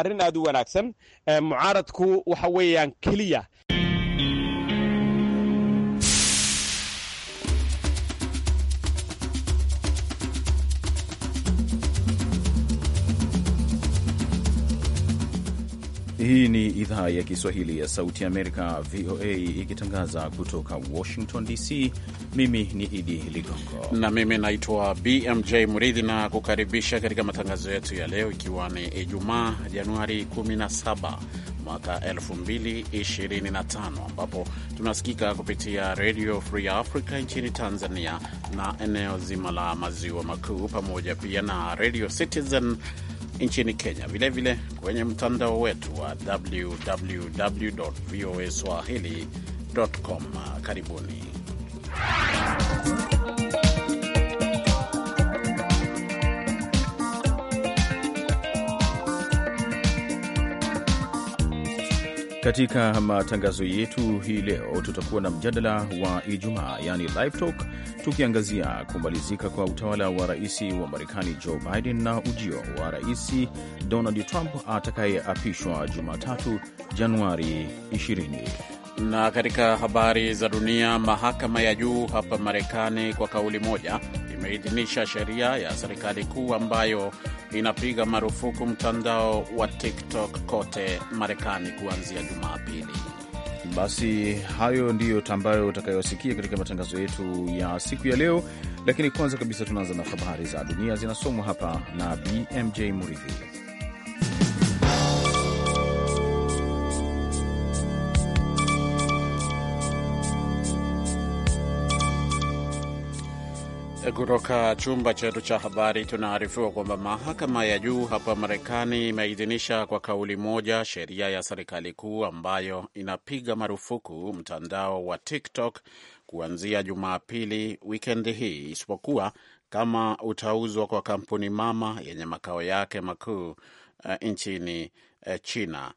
arrin aad u wanaagsan mucaaradku waxa weeyaan keliya Hii ni idhaa ya Kiswahili ya Sauti Amerika, VOA, ikitangaza kutoka Washington DC. Mimi ni Idi Ligongo na mimi naitwa BMJ Mridhi na kukaribisha katika matangazo yetu ya leo, ikiwa ni Ijumaa Januari 17 mwaka 2025, ambapo tunasikika kupitia Radio Free Africa nchini Tanzania na eneo zima la maziwa makuu, pamoja pia na Radio Citizen nchini Kenya, vilevile vile kwenye mtandao wetu wa www voa swahili com. Karibuni. Katika matangazo yetu hii leo tutakuwa na mjadala wa Ijumaa, yani live talk, tukiangazia kumalizika kwa utawala wa rais wa Marekani Joe Biden na ujio wa rais Donald Trump atakayeapishwa Jumatatu Januari 20. Na katika habari za dunia, mahakama ya juu hapa Marekani kwa kauli moja imeidhinisha sheria ya serikali kuu ambayo inapiga marufuku mtandao wa TikTok kote Marekani kuanzia Jumapili. Basi hayo ndiyo ambayo utakayosikia katika matangazo yetu ya siku ya leo, lakini kwanza kabisa tunaanza na habari za dunia zinasomwa hapa na BMJ Muridhi. Kutoka chumba chetu cha habari tunaarifiwa kwamba mahakama ya juu hapa Marekani imeidhinisha kwa kauli moja sheria ya serikali kuu ambayo inapiga marufuku mtandao wa TikTok kuanzia Jumapili wikendi hii, isipokuwa kama utauzwa kwa kampuni mama yenye makao yake makuu uh, nchini uh, China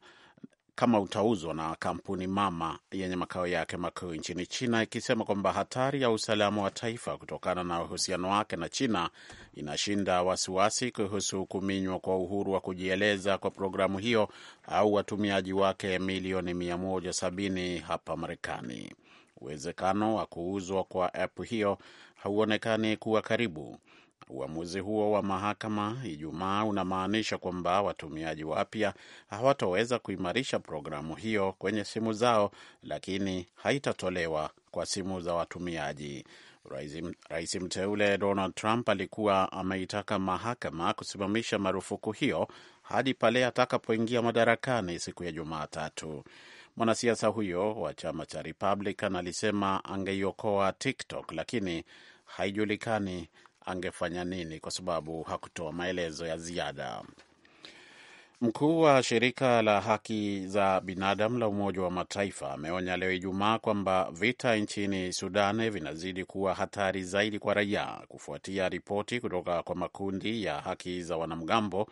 kama utauzwa na kampuni mama yenye makao yake makuu nchini China, ikisema kwamba hatari ya usalama wa taifa kutokana na uhusiano wake na China inashinda wasiwasi kuhusu kuminywa kwa uhuru wa kujieleza kwa programu hiyo au watumiaji wake milioni 170 hapa Marekani. Uwezekano wa kuuzwa kwa app hiyo hauonekani kuwa karibu. Uamuzi huo wa mahakama Ijumaa unamaanisha kwamba watumiaji wapya hawataweza kuimarisha programu hiyo kwenye simu zao, lakini haitatolewa kwa simu za watumiaji. Rais mteule Donald Trump alikuwa ameitaka mahakama kusimamisha marufuku hiyo hadi pale atakapoingia madarakani siku ya Jumatatu. Mwanasiasa huyo wa chama cha Republican alisema angeiokoa TikTok, lakini haijulikani angefanya nini, kwa sababu hakutoa maelezo ya ziada. Mkuu wa shirika la haki za binadamu la Umoja wa Mataifa ameonya leo Ijumaa kwamba vita nchini Sudan vinazidi kuwa hatari zaidi kwa raia kufuatia ripoti kutoka kwa makundi ya haki za wanamgambo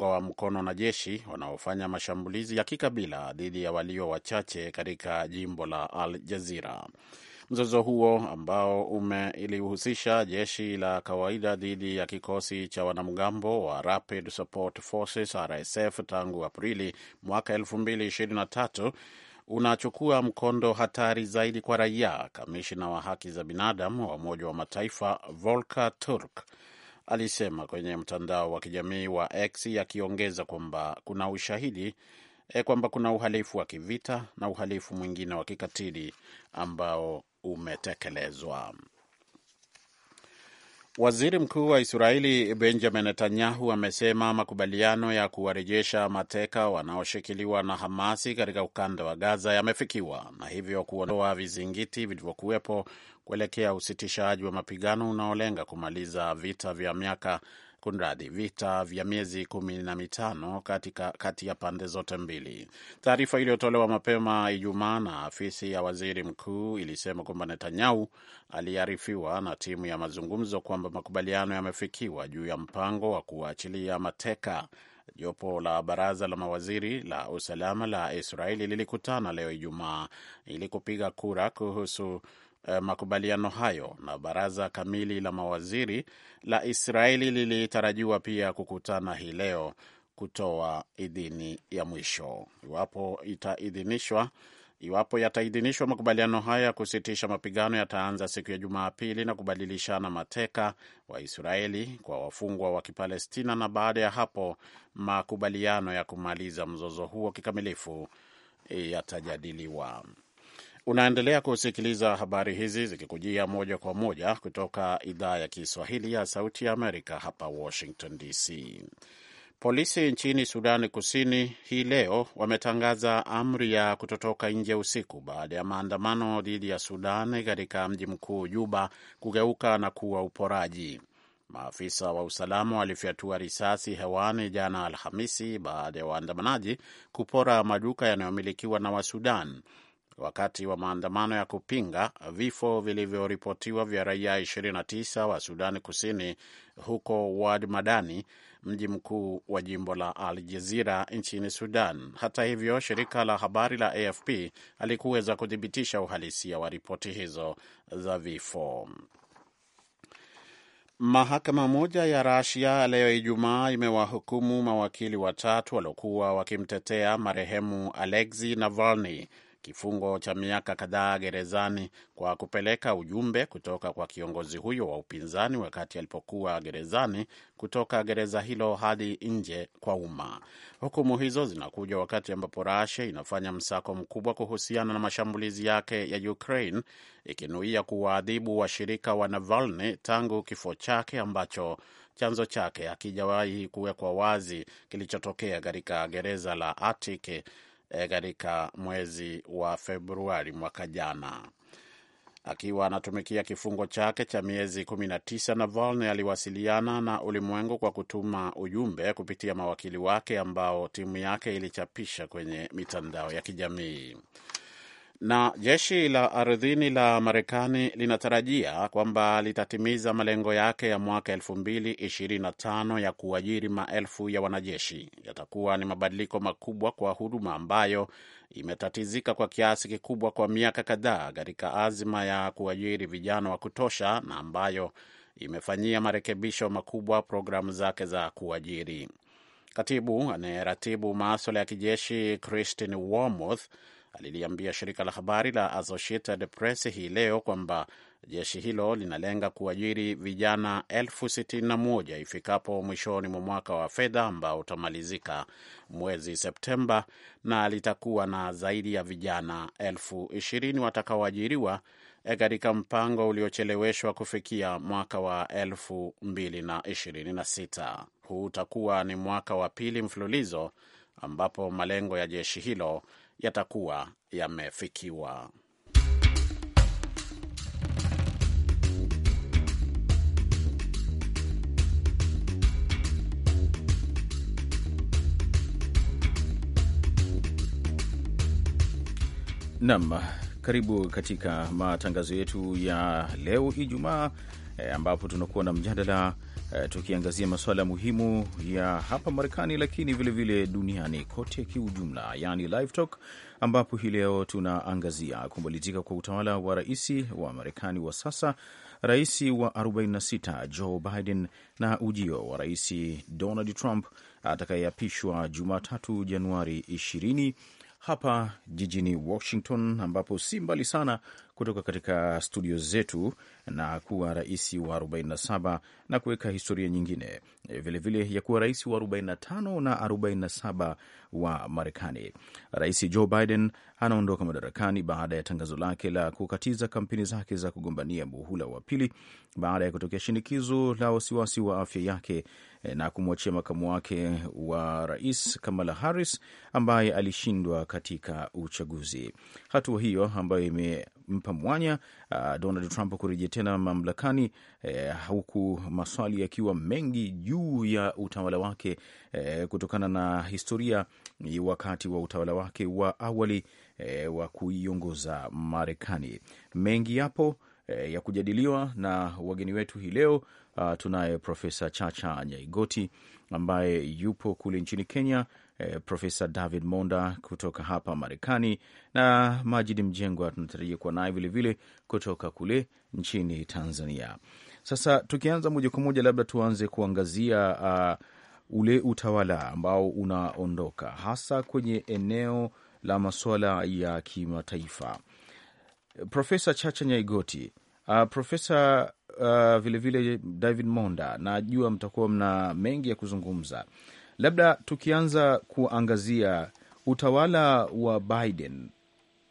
wa mkono na jeshi wanaofanya mashambulizi ya kikabila dhidi ya walio wachache katika jimbo la Al Jazira. Mzozo huo ambao umeilihusisha jeshi la kawaida dhidi ya kikosi cha wanamgambo wa Rapid Support Forces RSF tangu Aprili mwaka 2023 unachukua mkondo hatari zaidi kwa raia. kamishina wa haki za binadamu wa Umoja wa Mataifa Volker Turk alisema kwenye mtandao wa kijamii wa X akiongeza kwamba kuna ushahidi e, kwamba kuna uhalifu wa kivita na uhalifu mwingine wa kikatili ambao umetekelezwa. Waziri Mkuu wa Israeli Benjamin Netanyahu amesema makubaliano ya kuwarejesha mateka wanaoshikiliwa na Hamasi katika ukanda wa Gaza yamefikiwa na hivyo kuondoa vizingiti vilivyokuwepo kuelekea usitishaji wa mapigano unaolenga kumaliza vita vya miaka kunradhi, vita vya miezi kumi na mitano kati ya pande zote mbili. Taarifa iliyotolewa mapema Ijumaa na afisi ya waziri mkuu ilisema kwamba Netanyahu aliarifiwa na timu ya mazungumzo kwamba makubaliano yamefikiwa juu ya mpango wa kuwaachilia mateka. Jopo la baraza la mawaziri la usalama la Israeli lilikutana leo Ijumaa ili kupiga kura kuhusu eh, makubaliano hayo, na baraza kamili la mawaziri la Israeli lilitarajiwa pia kukutana hii leo kutoa idhini ya mwisho iwapo itaidhinishwa Iwapo yataidhinishwa, makubaliano haya ya kusitisha mapigano yataanza siku ya Jumapili na kubadilishana mateka wa Israeli kwa wafungwa wa Kipalestina, na baada ya hapo makubaliano ya kumaliza mzozo huo kikamilifu yatajadiliwa. Unaendelea kusikiliza habari hizi zikikujia moja kwa moja kutoka idhaa ya Kiswahili ya Sauti ya Amerika hapa Washington DC. Polisi nchini Sudani Kusini hii leo wametangaza amri ya kutotoka nje usiku baada ya maandamano dhidi ya sudani katika mji mkuu Juba kugeuka na kuwa uporaji. Maafisa wa usalama walifyatua risasi hewani jana Alhamisi baada ya waandamanaji kupora maduka yanayomilikiwa na Wasudan wakati wa maandamano ya kupinga vifo vilivyoripotiwa vya raia 29 wa Sudani Kusini huko Wad Madani, mji mkuu wa jimbo la Al Jazira nchini Sudan. Hata hivyo, shirika la habari la AFP alikuweza kuthibitisha uhalisia wa ripoti hizo za vifo. Mahakama moja ya Rasia leo Ijumaa imewahukumu mawakili watatu waliokuwa wakimtetea marehemu Alexei Navalny kifungo cha miaka kadhaa gerezani kwa kupeleka ujumbe kutoka kwa kiongozi huyo wa upinzani wakati alipokuwa gerezani kutoka gereza hilo hadi nje kwa umma. Hukumu hizo zinakuja wakati ambapo rasha inafanya msako mkubwa kuhusiana na mashambulizi yake ya Ukraine, ikinuia kuwaadhibu washirika wa Navalny tangu kifo chake ambacho chanzo chake hakijawahi kuwekwa wazi kilichotokea katika gereza la Arctic E, katika mwezi wa Februari mwaka jana. Akiwa anatumikia kifungo chake cha miezi 19, Navalny aliwasiliana na ulimwengu kwa kutuma ujumbe kupitia mawakili wake ambao timu yake ilichapisha kwenye mitandao ya kijamii. Na jeshi la ardhini la Marekani linatarajia kwamba litatimiza malengo yake ya mwaka 2025 ya kuajiri maelfu ya wanajeshi. Yatakuwa ni mabadiliko makubwa kwa huduma ambayo imetatizika kwa kiasi kikubwa kwa miaka kadhaa katika azima ya kuajiri vijana wa kutosha na ambayo imefanyia marekebisho makubwa programu zake za kuajiri. Katibu anayeratibu maswala ya kijeshi Christine Wormuth aliliambia shirika la habari la Associated Press hii leo kwamba jeshi hilo linalenga kuajiri vijana elfu sitini na moja ifikapo mwishoni mwa mwaka wa fedha ambao utamalizika mwezi Septemba, na litakuwa na zaidi ya vijana elfu ishirini watakaoajiriwa eh, katika mpango uliocheleweshwa kufikia mwaka wa elfu mbili na ishirini na sita. Huu utakuwa ni mwaka wa pili mfululizo ambapo malengo ya jeshi hilo yatakuwa yamefikiwa. Nam, karibu katika matangazo yetu ya leo Ijumaa, e, ambapo tunakuwa na mjadala Eh, tukiangazia masuala muhimu ya hapa Marekani, lakini vilevile vile duniani kote kiujumla, yani live talk, ambapo hii leo tunaangazia kumalizika kwa utawala wa rais wa Marekani wa sasa, rais wa 46 Joe Biden na ujio wa rais Donald Trump atakayeapishwa Jumatatu Januari 20 hapa jijini Washington, ambapo si mbali sana kutoka katika studio zetu na kuwa rais wa 47 na kuweka historia nyingine vilevile vile ya kuwa rais wa 45 na 47 wa Marekani. Rais Joe Biden anaondoka madarakani baada ya tangazo lake la kukatiza kampeni zake za kugombania muhula wa pili baada ya kutokea shinikizo la wasiwasi wa afya yake E, na kumwachia makamu wake wa rais Kamala Harris ambaye alishindwa katika uchaguzi. Hatua hiyo ambayo imempa mwanya uh, Donald Trump kurejea tena mamlakani eh, huku maswali yakiwa mengi juu ya utawala wake eh, kutokana na historia wakati wa utawala wake wa awali eh, wa kuiongoza Marekani. Mengi yapo Eh, ya kujadiliwa na wageni wetu hii leo. Ah, tunaye Profesa Chacha Nyaigoti ambaye yupo kule nchini Kenya, eh, Profesa David Monda kutoka hapa Marekani na Majidi Mjengwa tunatarajia kuwa naye vilevile kutoka kule nchini Tanzania. Sasa tukianza moja kwa moja, labda tuanze kuangazia uh, ule utawala ambao unaondoka hasa kwenye eneo la masuala ya kimataifa. Profesa Chacha Nyaigoti, uh, profesa uh, vilevile David Monda, najua mtakuwa mna mengi ya kuzungumza, labda tukianza kuangazia utawala wa Biden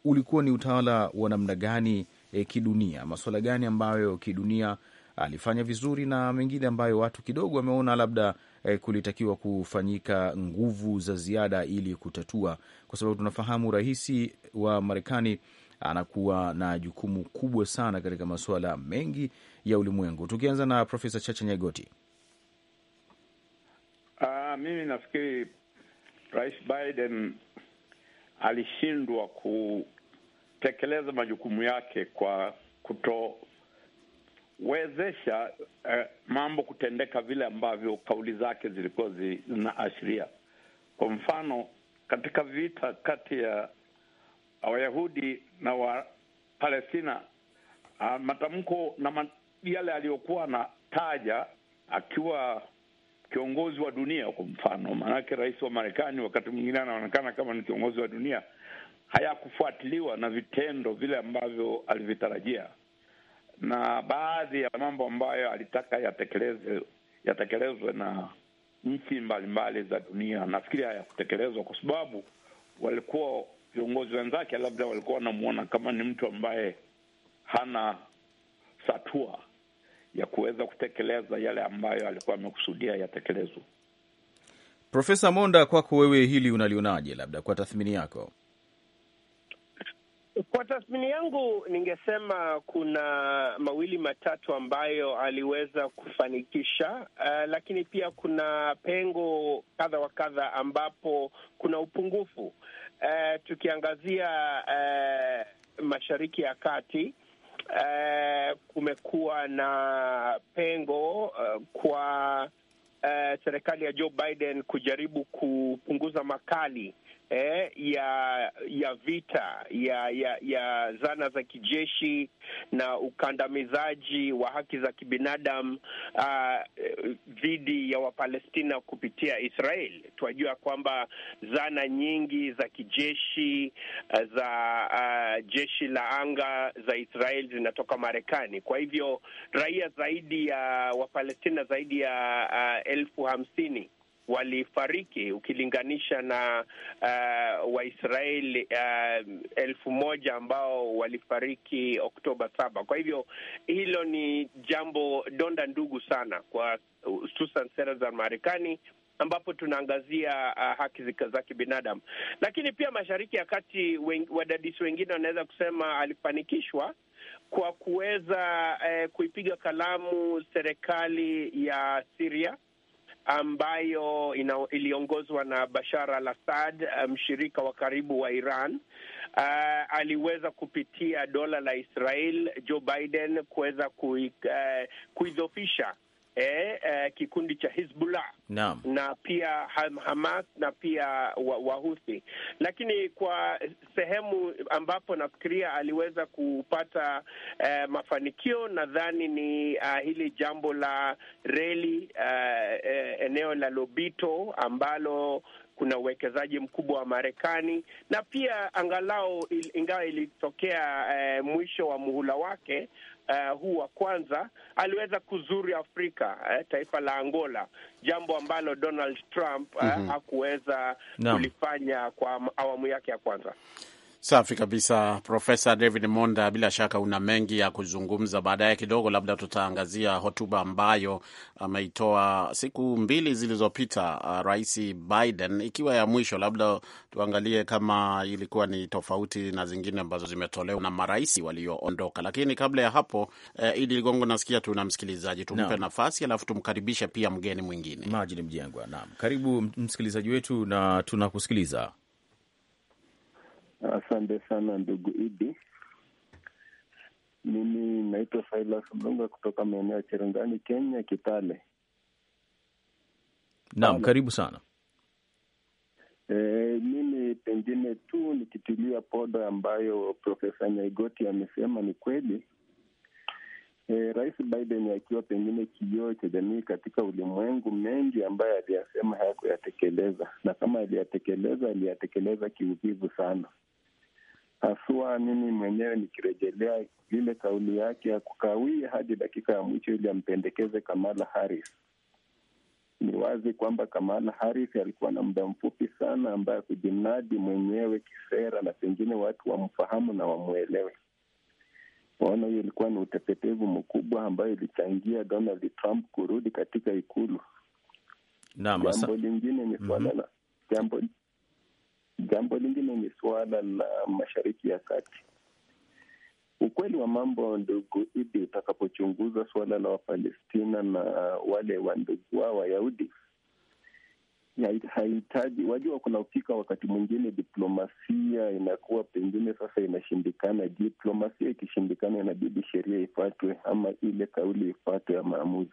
ulikuwa ni utawala wa namna gani e, kidunia, masuala gani ambayo kidunia alifanya vizuri na mengine ambayo watu kidogo wameona labda e, kulitakiwa kufanyika nguvu za ziada ili kutatua, kwa sababu tunafahamu rais wa Marekani anakuwa na jukumu kubwa sana katika masuala mengi ya ulimwengu. Tukianza na Profesa Chacha Nyagoti. Uh, mimi nafikiri Rais Biden alishindwa kutekeleza majukumu yake kwa kutowezesha uh, mambo kutendeka vile ambavyo kauli zake zilikuwa zinaashiria. Kwa mfano, katika vita kati ya Wayahudi na Wapalestina. Ah, matamko na yale aliyokuwa anataja akiwa kiongozi wa dunia kwa mfano, maanake rais wa Marekani wakati mwingine anaonekana kama ni kiongozi wa dunia, hayakufuatiliwa na vitendo vile ambavyo alivitarajia, na baadhi ya mambo ambayo alitaka yatekelezwe yatekelezwe na nchi mbalimbali za dunia, nafikiri hayakutekelezwa kwa sababu walikuwa viongozi wenzake labda walikuwa wanamwona kama ni mtu ambaye hana satua ya kuweza kutekeleza yale ambayo alikuwa amekusudia yatekelezwe. Profesa Monda, kwako wewe hili unalionaje, labda kwa tathmini yako? Kwa tathmini yangu, ningesema kuna mawili matatu ambayo aliweza kufanikisha, uh, lakini pia kuna pengo kadha wa kadha ambapo kuna upungufu eh, tukiangazia eh, Mashariki ya Kati eh, kumekuwa na pengo eh, kwa eh, serikali ya Joe Biden kujaribu kupunguza makali eh, ya ya vita ya ya ya zana za kijeshi na ukandamizaji wa haki za kibinadamu ah, dhidi uh, ya Wapalestina kupitia Israel. Tunajua kwamba zana nyingi za kijeshi ah, za uh, jeshi la anga za Israel zinatoka Marekani. Kwa hivyo raia zaidi ya Wapalestina zaidi ya uh, elfu hamsini walifariki ukilinganisha na uh, Waisraeli uh, elfu moja ambao walifariki Oktoba saba. Kwa hivyo hilo ni jambo donda ndugu sana kwa hususan sera za Marekani ambapo tunaangazia uh, haki za kibinadamu, lakini pia Mashariki ya Kati wadadisi wengine wanaweza kusema alifanikishwa kwa kuweza eh, kuipiga kalamu serikali ya Syria ambayo iliongozwa na Bashar al-Assad, eh, mshirika wa karibu wa Iran. Uh, aliweza kupitia dola la Israel Joe Biden kuweza eh, kuidhofisha E, e, kikundi cha Hizbullah no. na pia Hamas na pia Wahuthi wa lakini kwa sehemu ambapo nafikiria aliweza kupata e, mafanikio nadhani ni a, ah, hili jambo la reli e, eneo la Lobito ambalo kuna uwekezaji mkubwa wa Marekani na pia angalau il, ingawa ilitokea e, mwisho wa muhula wake uh, huu wa kwanza aliweza kuzuri Afrika eh, taifa la Angola, jambo ambalo Donald Trump mm -hmm. hakuweza no. kulifanya kwa awamu yake ya kwanza. Safi kabisa, Profesa David Monda, bila shaka una mengi ya kuzungumza. Baadaye kidogo, labda tutaangazia hotuba ambayo ameitoa siku mbili zilizopita uh, Rais Biden, ikiwa ya mwisho. Labda tuangalie kama ilikuwa ni tofauti na zingine ambazo zimetolewa na marais walioondoka. Lakini kabla ya hapo eh, Idi Ligongo, nasikia tuna msikilizaji, tumpe no. nafasi alafu tumkaribishe pia mgeni mwingine Majini Mjengwa. Naam, karibu msikilizaji wetu na tunakusikiliza. Asante sana ndugu Idi. Mimi naitwa Silas Mlunga kutoka maeneo ya Cherangani, Kenya, Kitale. Naam, karibu sana. E, mimi pengine tu nikitilia poda ambayo Profesa Nyaigoti amesema ni kweli. E, Rais Biden akiwa pengine kioo cha jamii katika ulimwengu, mengi ambayo aliyasema hayakuyatekeleza, na kama aliyatekeleza aliyatekeleza kiuvivu sana haswa mimi mwenyewe nikirejelea ile kauli yake ya kukawia hadi dakika ya mwisho ili ampendekeze Kamala Harris. Ni wazi kwamba Kamala Harris alikuwa na muda mfupi sana ambaye kujinadi mwenyewe kisera, na pengine watu wamfahamu na wamwelewe. Waona, hiyo ilikuwa ni utepetevu mkubwa ambayo ilichangia Donald Trump kurudi katika ikulu. jambo lingine ni mhm. suala la jambo Jambo lingine ni suala la Mashariki ya Kati. Ukweli wa mambo, ndugu Idi, utakapochunguza suala la Wapalestina na wale wa ndugu wao Wayahudi, hahitaji wajua, kuna ufika wakati mwingine diplomasia inakuwa pengine sasa inashindikana. Diplomasia ikishindikana, inabidi sheria ifuatwe ama ile kauli ifuatwe ya maamuzi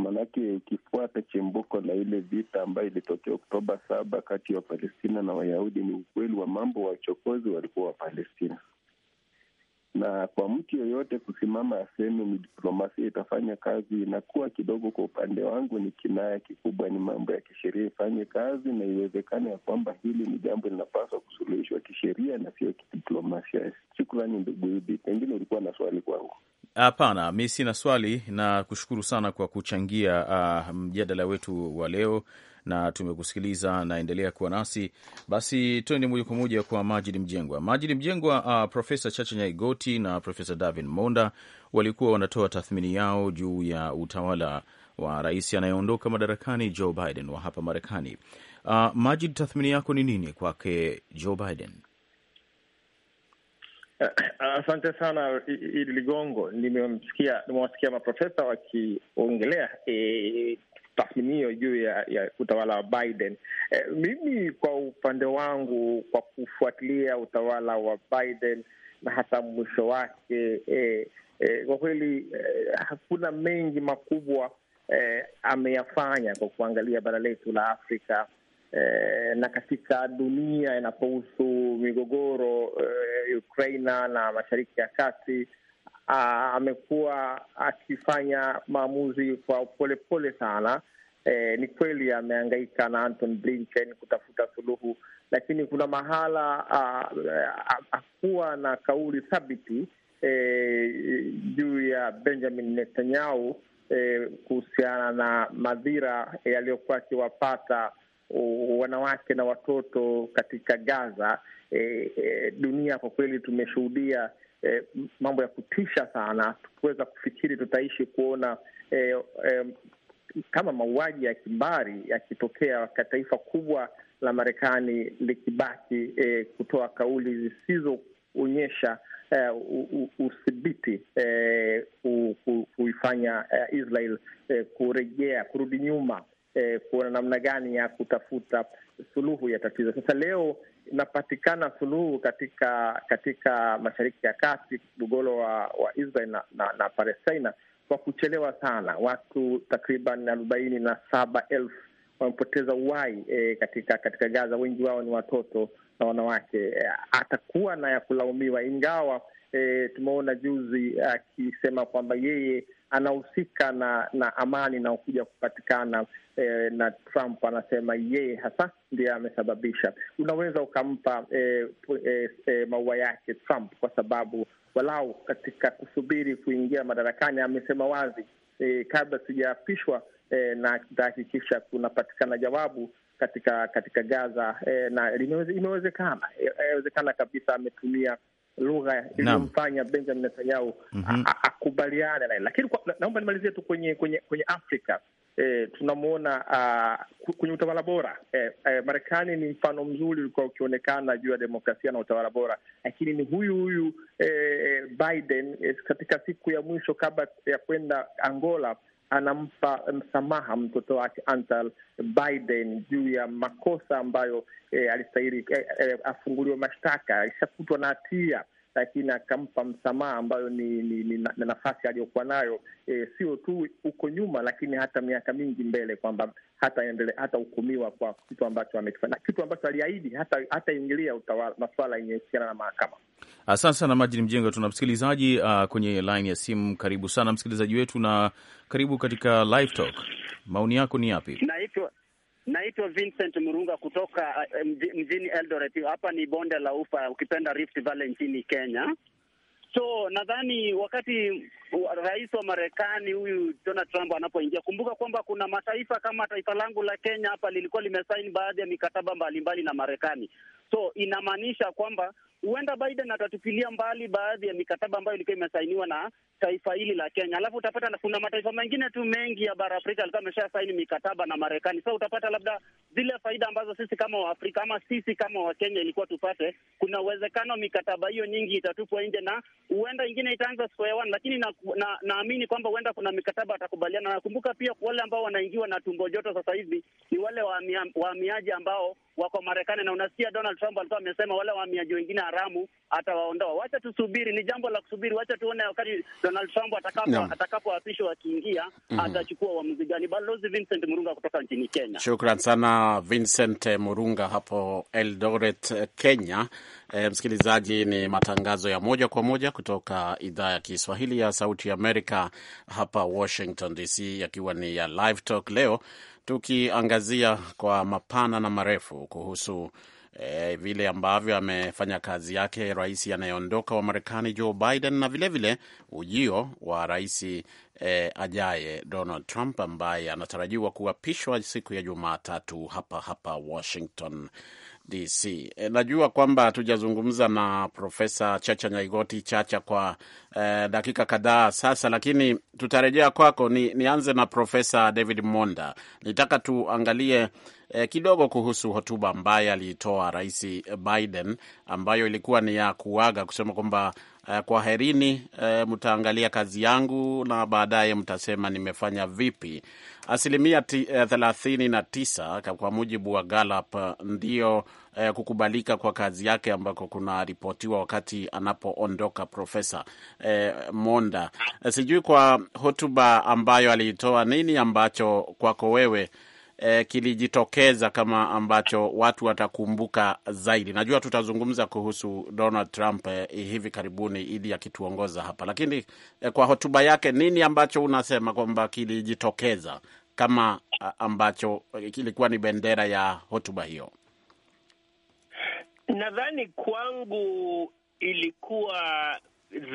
maanake ikifuata chimbuko la ile vita ambayo ilitokea Oktoba saba kati ya Wapalestina na Wayahudi, ni ukweli wa mambo, wachokozi walikuwa Wapalestina na kwa mtu yoyote kusimama aseme ni diplomasia itafanya kazi inakuwa kidogo, kwa upande wangu ni kinaya kikubwa. Ni mambo ya kisheria ifanye kazi na iwezekane ya kwamba hili ni jambo linapaswa kusuluhishwa kisheria na sio kidiplomasia. Shukrani ndugu Idi, pengine ulikuwa na swali kwangu. Hapana, mi sina swali na kushukuru sana kwa kuchangia uh, mjadala wetu wa leo na tumekusikiliza, naendelea kuwa nasi basi. Twende moja kwa moja kwa Majid Mjengwa. Majid Mjengwa, uh, Profesa Chacha Nyaigoti na Profesa Davin Monda walikuwa wanatoa tathmini yao juu ya utawala wa rais anayeondoka madarakani Joe Biden wa hapa Marekani. Uh, Majid, tathmini yako ni nini kwake Joe Biden? Uh, asante uh, uh, sana Idi Ligongo. Nimewasikia maprofesa wakiongelea e, eh, tathminio juu ya, ya utawala wa Biden. E, mimi kwa upande wangu kwa kufuatilia utawala wa Biden na hata mwisho wake e, e, kwa kweli e, hakuna mengi makubwa e, ameyafanya kwa kuangalia bara letu la Afrika e, na katika dunia inapohusu migogoro e, Ukraina na Mashariki ya Kati Ah, amekuwa akifanya maamuzi kwa polepole sana. E, ni kweli ameangaika na Anton Blinken kutafuta suluhu, lakini kuna mahala ah, ah, hakuwa na kauli thabiti e, juu ya Benjamin Netanyahu e, kuhusiana na madhira yaliyokuwa akiwapata wanawake na watoto katika Gaza. E, e, dunia kwa kweli tumeshuhudia eh, mambo ya kutisha sana. Tukuweza kufikiri tutaishi kuona eh, eh, kama mauaji ya kimbari yakitokea katika taifa kubwa la Marekani likibaki eh, kutoa kauli zisizoonyesha udhibiti eh, eh, kuifanya eh, Israel eh, kurejea kurudi nyuma eh, kuona namna gani ya kutafuta suluhu ya tatizo. Sasa leo inapatikana suluhu katika katika mashariki ya kati, mgogoro wa, wa Israel na, na, na Palestina kwa kuchelewa sana. Watu takriban arobaini na saba elfu wamepoteza uhai e, katika katika Gaza, wengi wao ni watoto na wanawake e, atakuwa na ya kulaumiwa ingawa E, tumeona juzi akisema kwamba yeye anahusika na na amani na kuja kupatikana eh, na Trump anasema yeye hasa ndiye amesababisha. Unaweza ukampa eh, eh, eh, maua yake Trump kwa sababu walau katika kusubiri kuingia madarakani amesema wazi eh, kabla sijaapishwa eh, na kitahakikisha kunapatikana jawabu katika katika Gaza eh, na imewezekana imewezekana eh, kabisa. Ametumia lugha iliyomfanya Benjamin Netanyahu mm -hmm. akubaliane naye, lakini naomba nimalizie tu kwenye kwenye kwenye Afrika e, eh, tunamwona uh, ah, kwenye utawala bora e, e, Marekani ni mfano mzuri ulikuwa ukionekana juu ya demokrasia na utawala bora, lakini ni huyu huyu e, Biden e, katika siku ya mwisho kabla ya kwenda Angola anampa msamaha mtoto wake Antal Biden juu ya makosa ambayo e, alistahili e, e, afunguliwe mashtaka, alishakutwa na hatia lakini akampa msamaha ambayo ni, ni, ni, na nafasi aliyokuwa nayo e, sio tu huko nyuma, lakini hata miaka mingi mbele, kwamba hata hukumiwa kwa kitu ambacho amekifanya, kitu ambacho aliahidi hataingilia hata utawala masuala yenye husiana na mahakama. Asante sana Majini Mjenga. Tuna msikilizaji uh, kwenye laini ya simu. Karibu sana msikilizaji wetu, na karibu katika Live Talk. Maoni yako ni yapi? Naitwa Naitwa Vincent Murunga kutoka uh, mjini Eldoret. Hapa ni bonde la Ufa, ukipenda Rift Valley nchini Kenya. So nadhani wakati rais wa Marekani huyu Donald Trump anapoingia, kumbuka kwamba kuna mataifa kama taifa langu la Kenya hapa lilikuwa limesaini baadhi ya mikataba mbalimbali na Marekani. So inamaanisha kwamba huenda Biden atatupilia mbali baadhi ya mikataba ambayo ilikuwa imesainiwa na taifa hili la Kenya. Alafu utapata na kuna mataifa mengine tu mengi ya bara Afrika alikuwa amesha saini mikataba na Marekani. Sa so, utapata labda zile faida ambazo sisi kama Waafrika ama sisi kama Wakenya ilikuwa tupate, kuna uwezekano mikataba hiyo nyingi itatupwa nje na huenda ingine itaanza square one, lakini naamini na, na kwamba huenda kuna mikataba atakubaliana. Nakumbuka pia wale ambao wanaingiwa na tumbo joto sasa hivi ni wale wahamiaji ambao wako Marekani, na unasikia Donald Trump alikuwa amesema wale wahamiaji wengine haramu atawaondoa. Wacha tusubiri, ni jambo la kusubiri. Wacha tuone wakati Donald Trump atakapo no. atakapoapishwa akiingia, mm -hmm. atachukua uamuzi gani? Balozi Vincent Murunga kutoka nchini Kenya. Shukran sana Vincent Murunga hapo Eldoret, Kenya. E, msikilizaji, ni matangazo ya moja kwa moja kutoka idhaa ya Kiswahili ya Sauti Amerika hapa Washington DC, yakiwa ni ya Live Talk leo tukiangazia kwa mapana na marefu kuhusu e, vile ambavyo amefanya kazi yake rais anayeondoka wa Marekani Joe Biden na vilevile vile ujio wa rais E, ajaye Donald Trump ambaye anatarajiwa kuapishwa siku ya Jumatatu hapa hapa Washington. DC. E, eh, najua kwamba hatujazungumza na Profesa Chacha Nyaigoti Chacha kwa e, dakika kadhaa sasa, lakini tutarejea kwako. Ni, nianze na Profesa David Monda, nitaka tuangalie e, kidogo kuhusu hotuba ambayo aliitoa Rais Biden ambayo ilikuwa ni ya kuaga kusema kwamba e, kwaherini, e, mtaangalia kazi yangu na baadaye mtasema nimefanya vipi asilimia eh, thelathini na tisa kwa mujibu wa Gallup ndio eh, kukubalika kwa kazi yake ambako kunaripotiwa wakati anapoondoka Profesa eh, Monda. Eh, sijui kwa hotuba ambayo aliitoa, nini ambacho kwako wewe eh, kilijitokeza kama ambacho watu watakumbuka zaidi? Najua tutazungumza kuhusu Donald Trump eh, hivi karibuni ili akituongoza hapa, lakini eh, kwa hotuba yake, nini ambacho unasema kwamba kilijitokeza kama ambacho eh, kilikuwa ni bendera ya hotuba hiyo? Nadhani kwangu ilikuwa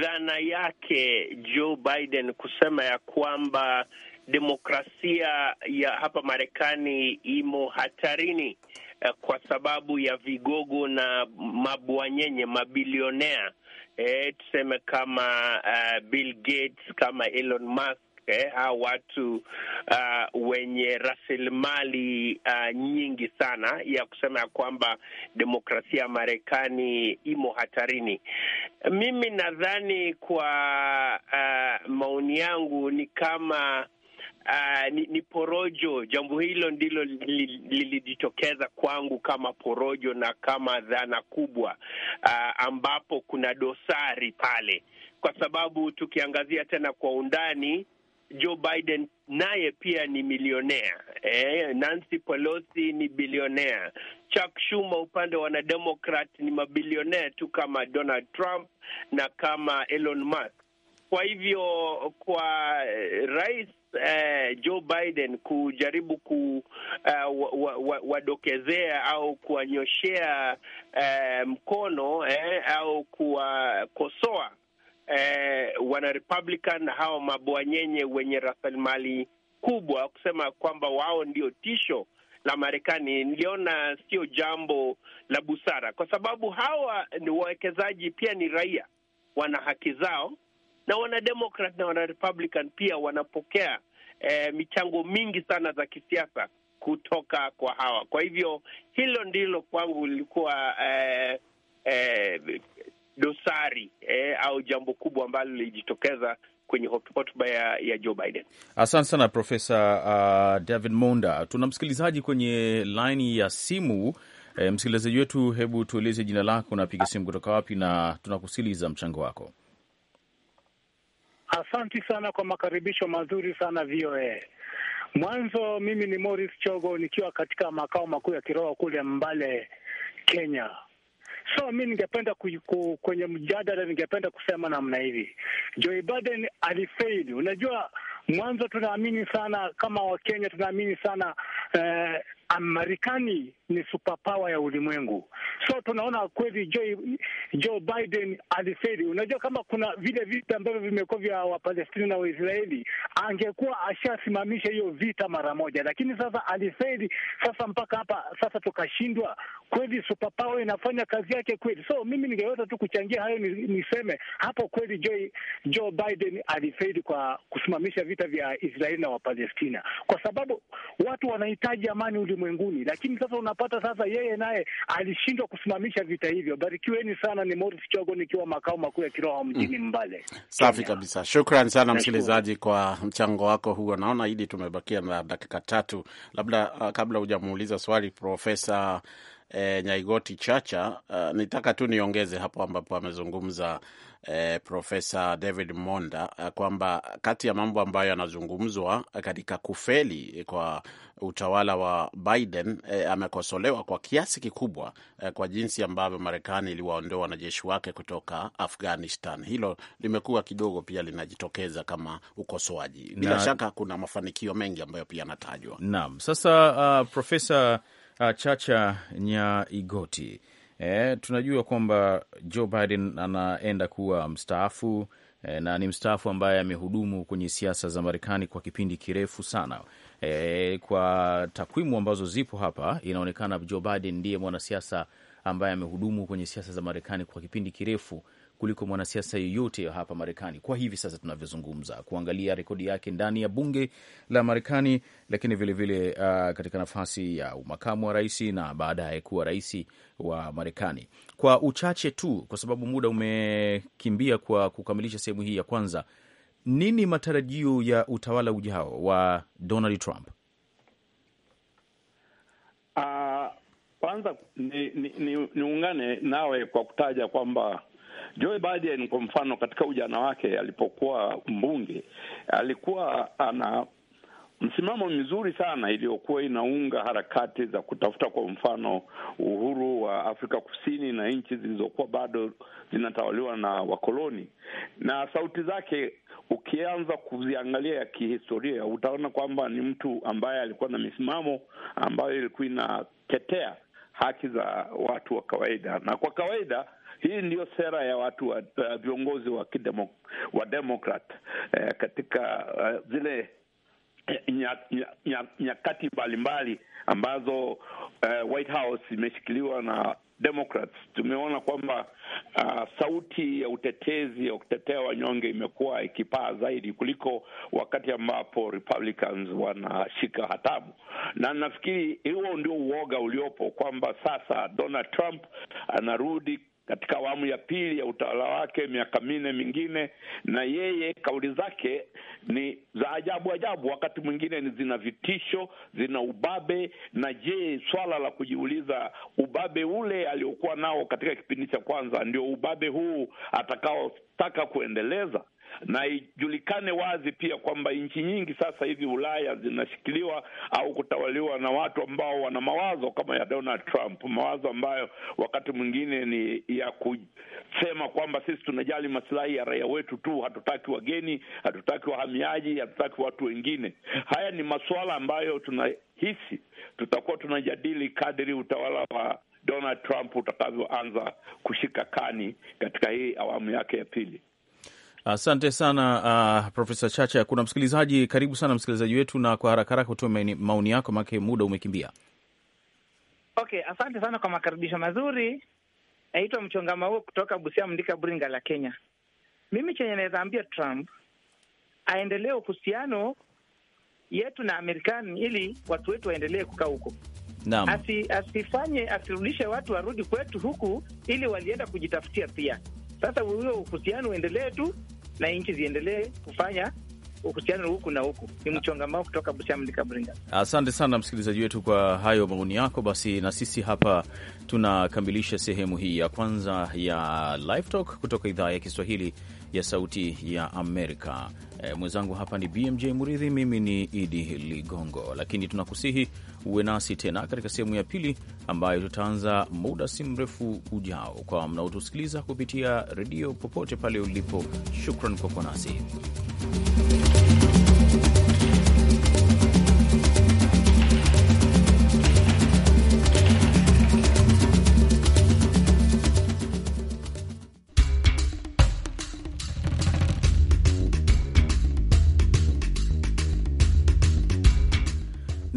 dhana yake Joe Biden kusema ya kwamba demokrasia ya hapa Marekani imo hatarini eh, kwa sababu ya vigogo na mabwanyenye mabilionea, eh, tuseme kama uh, Bill Gates kama Elon Musk eh, hawa watu uh, wenye rasilimali uh, nyingi sana ya kusema ya kwamba demokrasia ya Marekani imo hatarini. Mimi nadhani kwa uh, maoni yangu ni kama uh, ni, ni porojo. Jambo hilo ndilo lilijitokeza li, kwangu kama porojo na kama dhana kubwa uh, ambapo kuna dosari pale, kwa sababu tukiangazia tena kwa undani Joe Biden naye pia ni milionea eh, Nancy Pelosi ni bilionea, Chuck Schumer upande wa wanademokrat ni mabilionea tu kama Donald Trump na kama Elon Musk. Kwa hivyo kwa eh, rais eh, Joe Biden kujaribu ku eh, wadokezea wa, wa au kuwanyoshea eh, mkono eh, au kuwakosoa eh, wanarepublican hao mabwanyenye wenye rasilimali kubwa kusema kwamba wao ndio tisho la Marekani, niliona sio jambo la busara, kwa sababu hawa ni wawekezaji, pia ni raia, wana haki zao na wanademokrat na wanarepublican pia wanapokea eh, michango mingi sana za kisiasa kutoka kwa hawa. Kwa hivyo hilo ndilo kwangu lilikuwa eh, eh, dosari eh, au jambo kubwa ambalo lilijitokeza kwenye hotuba ya, ya Joe Biden. Asante sana Profesa uh, David Monda. Tuna msikilizaji kwenye laini ya simu. E, msikilizaji wetu, hebu tueleze jina lako, unapiga simu kutoka wapi, na tunakusikiliza mchango wako. Asanti sana kwa makaribisho mazuri sana VOA. Mwanzo mimi ni Morris Chogo nikiwa katika makao makuu ya kiroho kule Mbale, Kenya. So mi ningependa kwenye mjadala, ningependa kusema namna hivi, Joe Biden alifeli. Unajua, mwanzo tunaamini sana kama Wakenya tunaamini sana eh, Marekani ni superpower ya ulimwengu, so tunaona kweli Joe, Joe Biden alifeli. Unajua, kama kuna vile vita ambavyo vimekuwa vya Wapalestina na Waisraeli, angekuwa ashasimamisha hiyo vita mara moja, lakini sasa alifeli. Sasa mpaka hapa sasa tukashindwa kweli, superpower inafanya kazi yake kweli. So mimi ningeweza tu kuchangia hayo, niseme hapo kweli Joe, Joe Biden alifeli kwa kusimamisha vita vya Israeli na Wapalestina, kwa sababu watu wanahitaji amani ulimwengu ulimwenguni. Lakini sasa unapata sasa yeye naye alishindwa kusimamisha vita hivyo. Barikiweni sana, ni Morris Chogo nikiwa makao makuu ya kiroho mjini mm. Mbale. Safi kabisa, shukran sana msikilizaji kwa mchango wako huo. Naona hili tumebakia na dakika tatu, labda uh, kabla hujamuuliza swali Profesa e, Nyaigoti Chacha. Uh, nitaka tu niongeze hapo ambapo amezungumza e, Profesa David Monda e, kwamba kati ya mambo ambayo yanazungumzwa katika kufeli kwa utawala wa Biden e, amekosolewa kwa kiasi kikubwa e, kwa jinsi ambavyo Marekani iliwaondoa wanajeshi wake kutoka Afghanistan. Hilo limekuwa kidogo pia linajitokeza kama ukosoaji. Bila na, shaka kuna mafanikio mengi ambayo pia yanatajwa. Naam, sasa uh, Profesa Ah, Chacha Nyaigoti, e, tunajua kwamba Joe Biden anaenda kuwa mstaafu e, na ni mstaafu ambaye amehudumu kwenye siasa za Marekani kwa kipindi kirefu sana. E, kwa takwimu ambazo zipo hapa inaonekana Joe Biden ndiye mwanasiasa ambaye amehudumu kwenye siasa za Marekani kwa kipindi kirefu kuliko mwanasiasa yoyote hapa Marekani kwa hivi sasa tunavyozungumza, kuangalia rekodi yake ndani ya bunge la Marekani, lakini vilevile vile, uh, katika nafasi ya makamu wa rais na baadaye kuwa rais wa Marekani. Kwa uchache tu, kwa sababu muda umekimbia, kwa kukamilisha sehemu hii ya kwanza, nini matarajio ya utawala ujao wa Donald Trump? Uh, kwanza uh, niungane ni, ni, ni nawe kwa kutaja kwamba Joe Biden kwa mfano, katika ujana wake alipokuwa mbunge, alikuwa ana msimamo mzuri sana iliyokuwa inaunga harakati za kutafuta kwa mfano uhuru wa Afrika Kusini na nchi zilizokuwa bado zinatawaliwa na wakoloni, na sauti zake ukianza kuziangalia ya kihistoria utaona kwamba ni mtu ambaye alikuwa na misimamo ambayo ilikuwa inatetea haki za watu wa kawaida, na kwa kawaida hii ndiyo sera ya watu wa eh, viongozi wa kidemo, wa eh, katika uh, zile nyakati eh, nya, nya, nya mbalimbali ambazo uh, White House imeshikiliwa na Democrats. Tumeona kwamba uh, sauti ya utetezi ya kutetea wanyonge imekuwa ikipaa zaidi kuliko wakati ambapo Republicans wanashika hatamu, na nafikiri huo ndio uoga uliopo kwamba sasa Donald Trump anarudi katika awamu ya pili ya utawala wake miaka minne mingine, na yeye kauli zake ni za ajabu ajabu, wakati mwingine ni zina vitisho, zina ubabe. Na je, swala la kujiuliza, ubabe ule aliokuwa nao katika kipindi cha kwanza ndio ubabe huu atakaotaka kuendeleza? na ijulikane wazi pia kwamba nchi nyingi sasa hivi Ulaya zinashikiliwa au kutawaliwa na watu ambao wana mawazo kama ya Donald Trump, mawazo ambayo wakati mwingine ni ya kusema kwamba sisi tunajali masilahi ya raia wetu tu, hatutaki wageni, hatutaki wahamiaji, hatutaki watu wengine. Haya ni masuala ambayo tunahisi tutakuwa tunajadili kadiri utawala wa Donald Trump utakavyoanza kushika kani katika hii awamu yake ya pili. Asante sana uh, Profesa Chacha. Kuna msikilizaji, karibu sana msikilizaji wetu, na kwa haraka haraka utoe maoni yako, maanake muda umekimbia. Okay, asante sana kwa makaribisho mazuri. Naitwa Mchonga Maua kutoka Busia, Mndika, Buringa la Kenya. Mimi chenye naweza ambia Trump aendelee uhusiano yetu na Amerikani ili watu wetu waendelee kukaa huko. Naam, asifanye asirudishe watu warudi kwetu huku, ili walienda kujitafutia pia sasa huo uhusiano uendelee tu na nchi ziendelee kufanya uhusiano huku na huku. Ni mchongamao kutoka Busia, Mlika Bringa. Asante sana msikilizaji wetu kwa hayo maoni yako. Basi na sisi hapa tunakamilisha sehemu hii ya kwanza ya Live Talk kutoka idhaa ya Kiswahili ya Sauti ya Amerika. E, mwenzangu hapa ni BMJ Muridhi, mimi ni Idi Ligongo, lakini tunakusihi uwe nasi tena katika sehemu ya pili ambayo tutaanza muda si mrefu ujao. Kwa mnaotusikiliza kupitia redio popote pale ulipo, shukran kwa kuwa nasi.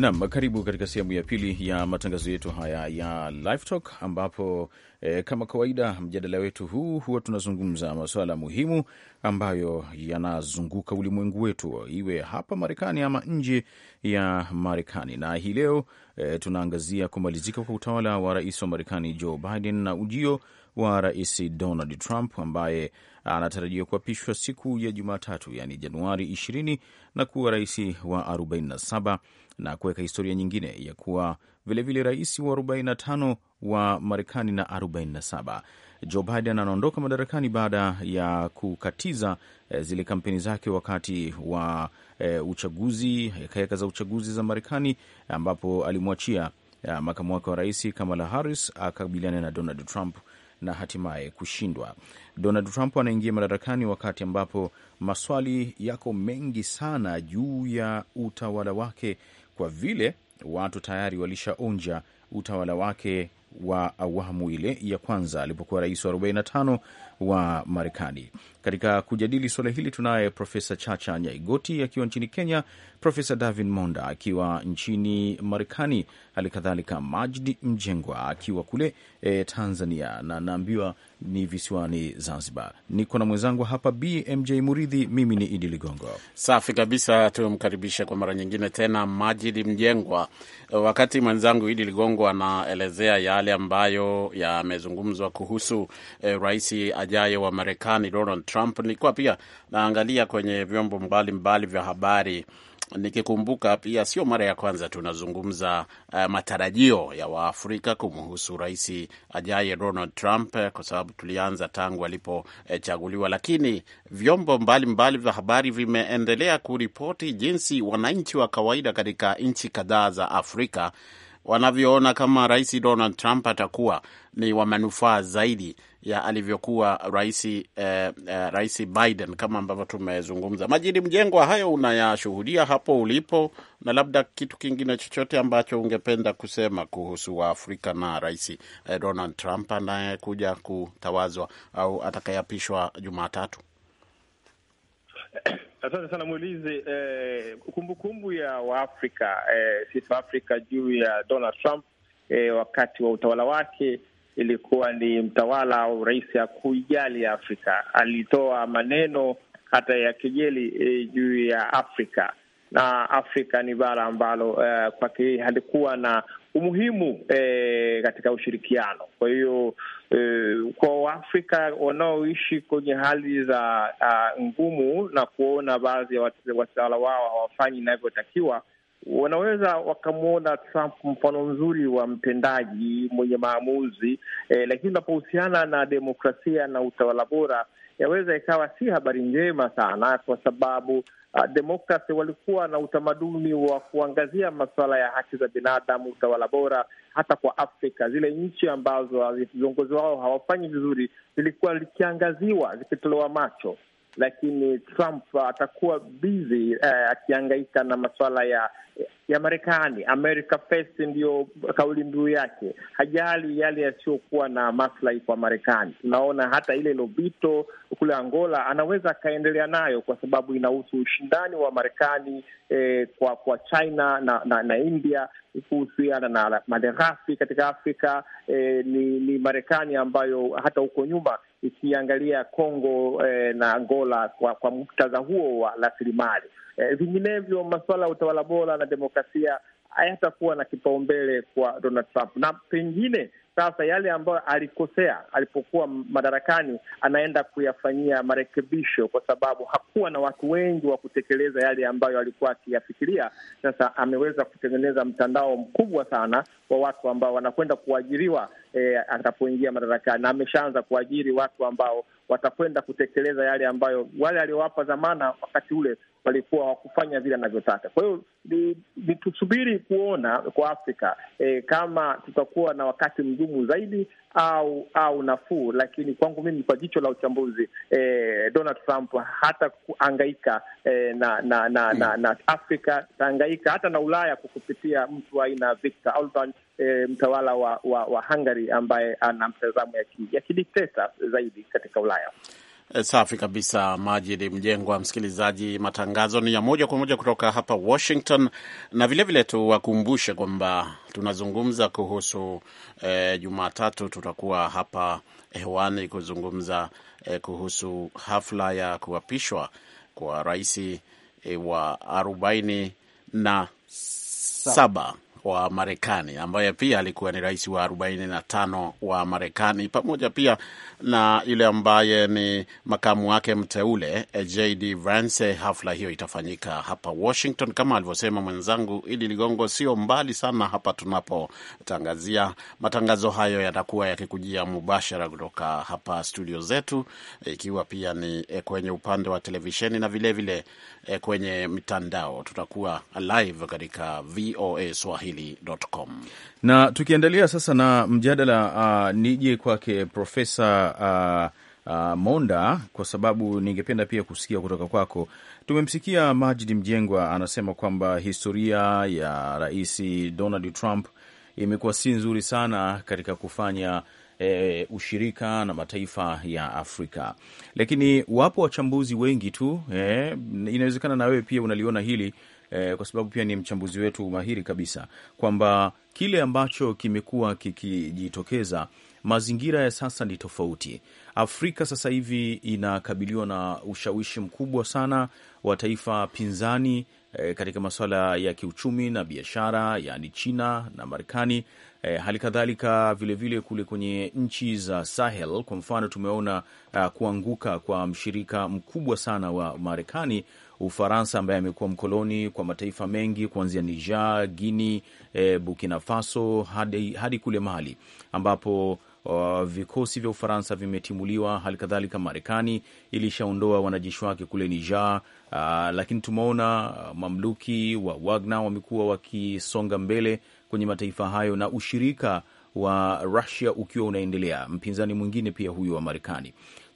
Nam, karibu katika sehemu ya pili ya matangazo yetu haya ya Live Talk ambapo e, kama kawaida mjadala wetu huu huwa tunazungumza masuala muhimu ambayo yanazunguka ulimwengu wetu, iwe hapa Marekani ama nje ya Marekani. Na hii leo e, tunaangazia kumalizika kwa utawala wa rais wa Marekani Joe Biden na ujio wa Rais Donald Trump ambaye anatarajiwa kuapishwa siku ya Jumatatu, yani Januari 20 na kuwa rais wa 47 na kuweka historia nyingine ya kuwa vilevile rais wa 45 wa Marekani na 47. Joe Biden anaondoka madarakani baada ya kukatiza eh, zile kampeni zake wakati wa e, uchaguzi hekaheka za uchaguzi za Marekani, ambapo alimwachia eh, makamu wake wa rais Kamala Harris akabiliana na Donald Trump na hatimaye kushindwa. Donald Trump anaingia madarakani wakati ambapo maswali yako mengi sana juu ya utawala wake kwa vile watu tayari walishaonja utawala wake wa awamu ile ya kwanza alipokuwa rais wa 45 wa Marekani. Katika kujadili suala hili tunaye Profesa Chacha Nyaigoti akiwa nchini Kenya, Profesa davi Monda akiwa nchini Marekani, hali kadhalika Majdi Mjengwa akiwa kule e, Tanzania na naambiwa ni visiwani Zanzibar. Niko na mwenzangu hapa BMJ Muridhi, mimi ni Idi Ligongo. Safi kabisa, tumkaribishe kwa mara nyingine tena majid Mjengwa. Wakati mwenzangu Idi Ligongo anaelezea yale ambayo yamezungumzwa kuhusu e, rais ajaye wa Marekani Donald Trump. Nilikuwa pia naangalia kwenye vyombo mbalimbali vya habari nikikumbuka pia sio mara ya kwanza tunazungumza uh, matarajio ya Waafrika kumhusu rais ajaye Donald Trump, eh, kwa sababu tulianza tangu alipochaguliwa, eh, lakini vyombo mbalimbali vya habari vimeendelea kuripoti jinsi wananchi wa kawaida katika nchi kadhaa za Afrika wanavyoona kama rais Donald Trump atakuwa ni wa manufaa zaidi ya alivyokuwa rais eh, eh, rais Biden kama ambavyo tumezungumza. Majini Mjengwa, hayo unayashuhudia hapo ulipo, na labda kitu kingine chochote ambacho ungependa kusema kuhusu Waafrika na rais eh, Donald Trump anayekuja kutawazwa au atakayeapishwa Jumatatu? Asante sana Mwelizi. Eh, kumbukumbu ya Waafrika eh, sisi Waafrika juu ya Donald Trump eh, wakati wa utawala wake ilikuwa ni mtawala au rais ya kuijali Afrika. Alitoa maneno hata ya kejeli e, juu ya Afrika na Afrika ni bara ambalo e, kwake halikuwa na umuhimu e, katika ushirikiano. Kwa hiyo e, kwa Waafrika wanaoishi kwenye hali za a, ngumu na kuona baadhi ya watawala wao hawafanyi inavyotakiwa wanaweza wakamwona Trump mfano mzuri wa mtendaji mwenye maamuzi eh, lakini unapohusiana na demokrasia na utawala bora yaweza ikawa si habari njema sana, kwa sababu uh, demokrasi walikuwa na utamaduni wa kuangazia masuala ya haki za binadamu, utawala bora. Hata kwa Afrika, zile nchi ambazo viongozi wao hawafanyi vizuri zilikuwa likiangaziwa, zikitolewa macho lakini Trump atakuwa bizi uh, eh, akiangaika na masuala ya ya Marekani, America First ndiyo kauli mbiu yake, hajali yale yasiyokuwa na maslahi kwa Marekani. Tunaona hata ile Lobito kule Angola anaweza akaendelea nayo kwa sababu inahusu ushindani wa Marekani eh, kwa kwa China na, na, na India kuhusiana na malighafi katika Afrika. Eh, ni, ni Marekani ambayo hata huko nyuma ikiangalia Kongo eh, na Angola kwa, kwa muktadha huo wa rasilimali E, vinginevyo masuala ya utawala bora na demokrasia hayatakuwa na kipaumbele kwa Donald Trump, na pengine sasa yale ambayo alikosea alipokuwa madarakani anaenda kuyafanyia marekebisho, kwa sababu hakuwa na watu wengi wa kutekeleza yale ambayo alikuwa akiyafikiria. Sasa ameweza kutengeneza mtandao mkubwa sana wa watu ambao wanakwenda kuajiriwa e, atapoingia madarakani, na ameshaanza kuajiri watu ambao watakwenda kutekeleza yale ambayo wale aliowapa zamana wakati ule walikuwa hawakufanya vile anavyotaka. Kwa hiyo ni tusubiri kuona kwa Afrika e, kama tutakuwa na wakati mgumu zaidi au au nafuu, lakini kwangu mimi, kwa jicho la uchambuzi e, Donald Trump hata kuangaika e, na, na, na, na, na Afrika taangaika hata na Ulaya kwa kupitia mtu aina ya Viktor Orban e, mtawala wa, wa, wa Hungary ambaye ana mtazamo ya kidikteta zaidi katika Ulaya. Eh, safi kabisa, Majid Mjengwa. Msikilizaji, matangazo ni ya moja kwa moja kutoka hapa Washington, na vilevile tuwakumbushe kwamba tunazungumza kuhusu eh, Jumatatu tutakuwa hapa hewani kuzungumza eh, kuhusu hafla ya kuapishwa kwa rais eh, wa arobaini na saba wa Marekani ambaye pia alikuwa ni rais wa 45 wa Marekani, pamoja pia na yule ambaye ni makamu wake mteule eh, JD Vance. Hafla hiyo itafanyika hapa Washington, kama alivyosema mwenzangu Idi Ligongo, sio mbali sana hapa tunapotangazia. Matangazo hayo yatakuwa yakikujia mubashara kutoka hapa studio zetu, ikiwa pia ni eh, kwenye upande wa televisheni na vilevile vile eh, kwenye mitandao. Tutakuwa live katika VOA Swahili swahili.com. Na tukiendelea sasa na mjadala uh, nije kwake Profesa uh, uh, Monda, kwa sababu ningependa pia kusikia kutoka kwako. Tumemsikia Majid Mjengwa anasema kwamba historia ya Rais Donald Trump imekuwa si nzuri sana katika kufanya E, ushirika na mataifa ya Afrika, lakini wapo wachambuzi wengi tu e, inawezekana na wewe pia unaliona hili eh, kwa sababu pia ni mchambuzi wetu mahiri kabisa kwamba kile ambacho kimekuwa kikijitokeza mazingira ya sasa ni tofauti. Afrika sasa hivi inakabiliwa na ushawishi mkubwa sana wa taifa pinzani eh, katika masuala ya kiuchumi na biashara, yaani China na Marekani. E, hali kadhalika vilevile kule kwenye nchi za Sahel, kwa mfano tumeona uh, kuanguka kwa mshirika mkubwa sana wa Marekani Ufaransa ambaye amekuwa mkoloni kwa mataifa mengi kuanzia Niger, Guini, e, eh, Burkina Faso hadi, hadi kule Mali ambapo Uh, vikosi vya Ufaransa vimetimuliwa. Hali kadhalika Marekani ilishaondoa wanajeshi wake kule Niger. Uh, lakini tumeona uh, mamluki wa Wagner wamekuwa wakisonga mbele kwenye mataifa hayo na ushirika wa Russia ukiwa unaendelea, mpinzani mwingine pia huyo wa Marekani.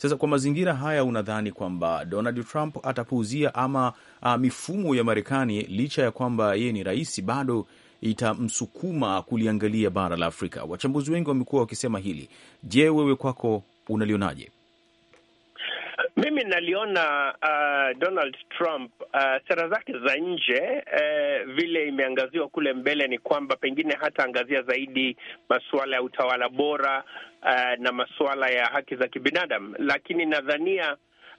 Sasa kwa mazingira haya, unadhani kwamba Donald Trump atapuuzia ama a, ah, mifumo ya Marekani licha ya kwamba yeye ni rais bado itamsukuma kuliangalia bara la Afrika? Wachambuzi wengi wamekuwa wakisema hili. Je, wewe kwako unalionaje? Mimi naliona uh, Donald Trump uh, sera zake za nje uh, vile imeangaziwa kule mbele ni kwamba pengine hata angazia zaidi masuala ya utawala bora uh, na masuala ya haki za kibinadamu, lakini nadhania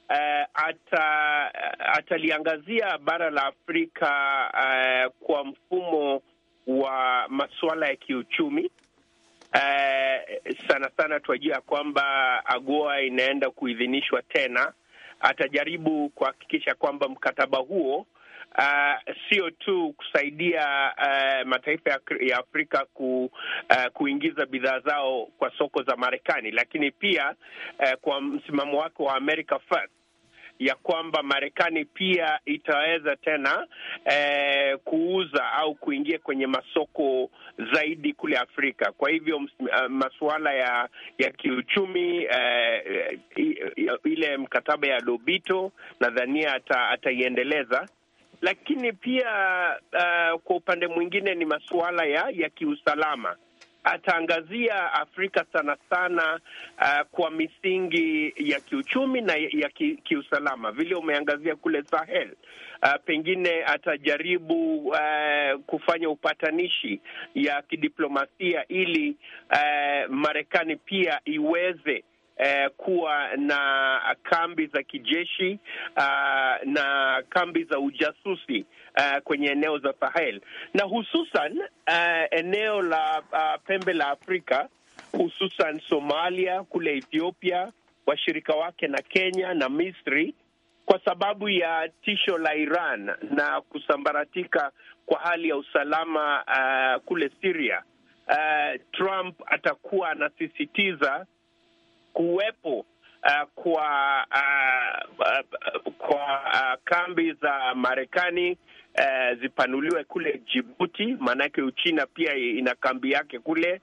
uh, ata, ataliangazia bara la Afrika uh, kwa mfumo wa masuala ya kiuchumi eh, sana sana tuajua ya kwamba AGOA inaenda kuidhinishwa tena. Atajaribu kuhakikisha kwamba mkataba huo eh, sio tu kusaidia uh, mataifa ya Afrika ku, uh, kuingiza bidhaa zao kwa soko za Marekani, lakini pia uh, kwa msimamo wake wa America First ya kwamba Marekani pia itaweza tena eh, kuuza au kuingia kwenye masoko zaidi kule Afrika. Kwa hivyo eh, masuala ya ya kiuchumi eh, ile mkataba ya Lobito nadhania ata, ataiendeleza lakini pia uh, kwa upande mwingine ni masuala ya ya kiusalama ataangazia Afrika sana sana uh, kwa misingi ya kiuchumi na ya ki, kiusalama vile umeangazia kule Sahel. Uh, pengine atajaribu uh, kufanya upatanishi ya kidiplomasia ili uh, Marekani pia iweze eh, kuwa na kambi za kijeshi uh, na kambi za ujasusi uh, kwenye eneo za Sahel na hususan uh, eneo la uh, pembe la Afrika hususan Somalia kule Ethiopia, washirika wake na Kenya na Misri kwa sababu ya tisho la Iran na kusambaratika kwa hali ya usalama uh, kule Syria. Uh, Trump atakuwa anasisitiza kuwepo uh, kwa uh, uh, kwa uh, kambi za Marekani uh, zipanuliwe kule Jibuti, maanake Uchina pia ina kambi yake kule.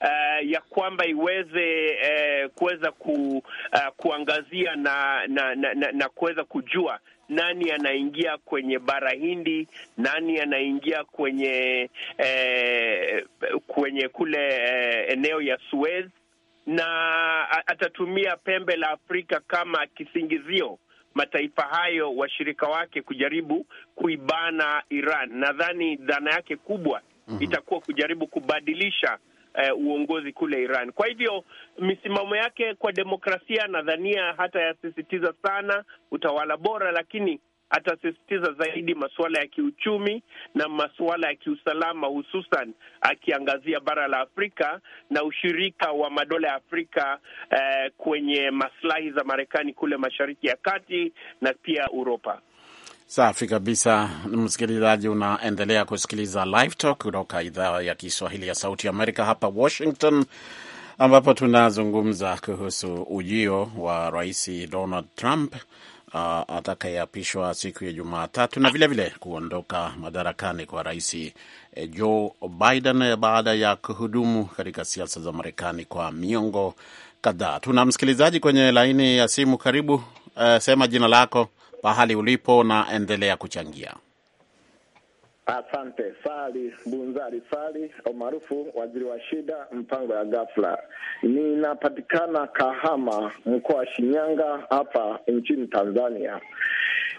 Uh, ya kwamba iweze uh, kuweza ku, uh, kuangazia na na, na, na, na kuweza kujua nani anaingia kwenye bara Hindi, nani anaingia kwenye eh, kwenye kule eh, eneo ya Suez na atatumia pembe la Afrika kama kisingizio mataifa hayo washirika wake kujaribu kuibana Iran. Nadhani dhana yake kubwa mm -hmm. itakuwa kujaribu kubadilisha eh, uongozi kule Iran. Kwa hivyo misimamo yake kwa demokrasia, nadhania hata yasisitiza sana utawala bora, lakini atasisitiza zaidi masuala ya kiuchumi na masuala ya kiusalama, hususan akiangazia bara la Afrika na ushirika wa madola ya Afrika eh, kwenye maslahi za Marekani kule Mashariki ya Kati na pia Uropa. Safi kabisa, msikilizaji, unaendelea kusikiliza Live Talk kutoka idhaa ya Kiswahili ya Sauti ya Amerika hapa Washington, ambapo tunazungumza kuhusu ujio wa Rais Donald Trump uh, atakayeapishwa siku ya Jumatatu na vilevile vile kuondoka madarakani kwa rais eh, Joe Biden baada ya kuhudumu katika siasa za Marekani kwa miongo kadhaa. Tuna msikilizaji kwenye laini ya simu. Karibu, uh, sema jina lako, pahali ulipo na endelea kuchangia. Asante. Sali Bunzari Sali umaarufu waziri wa shida, mpango ya ghafla. Ninapatikana Kahama, mkoa wa Shinyanga, hapa nchini Tanzania.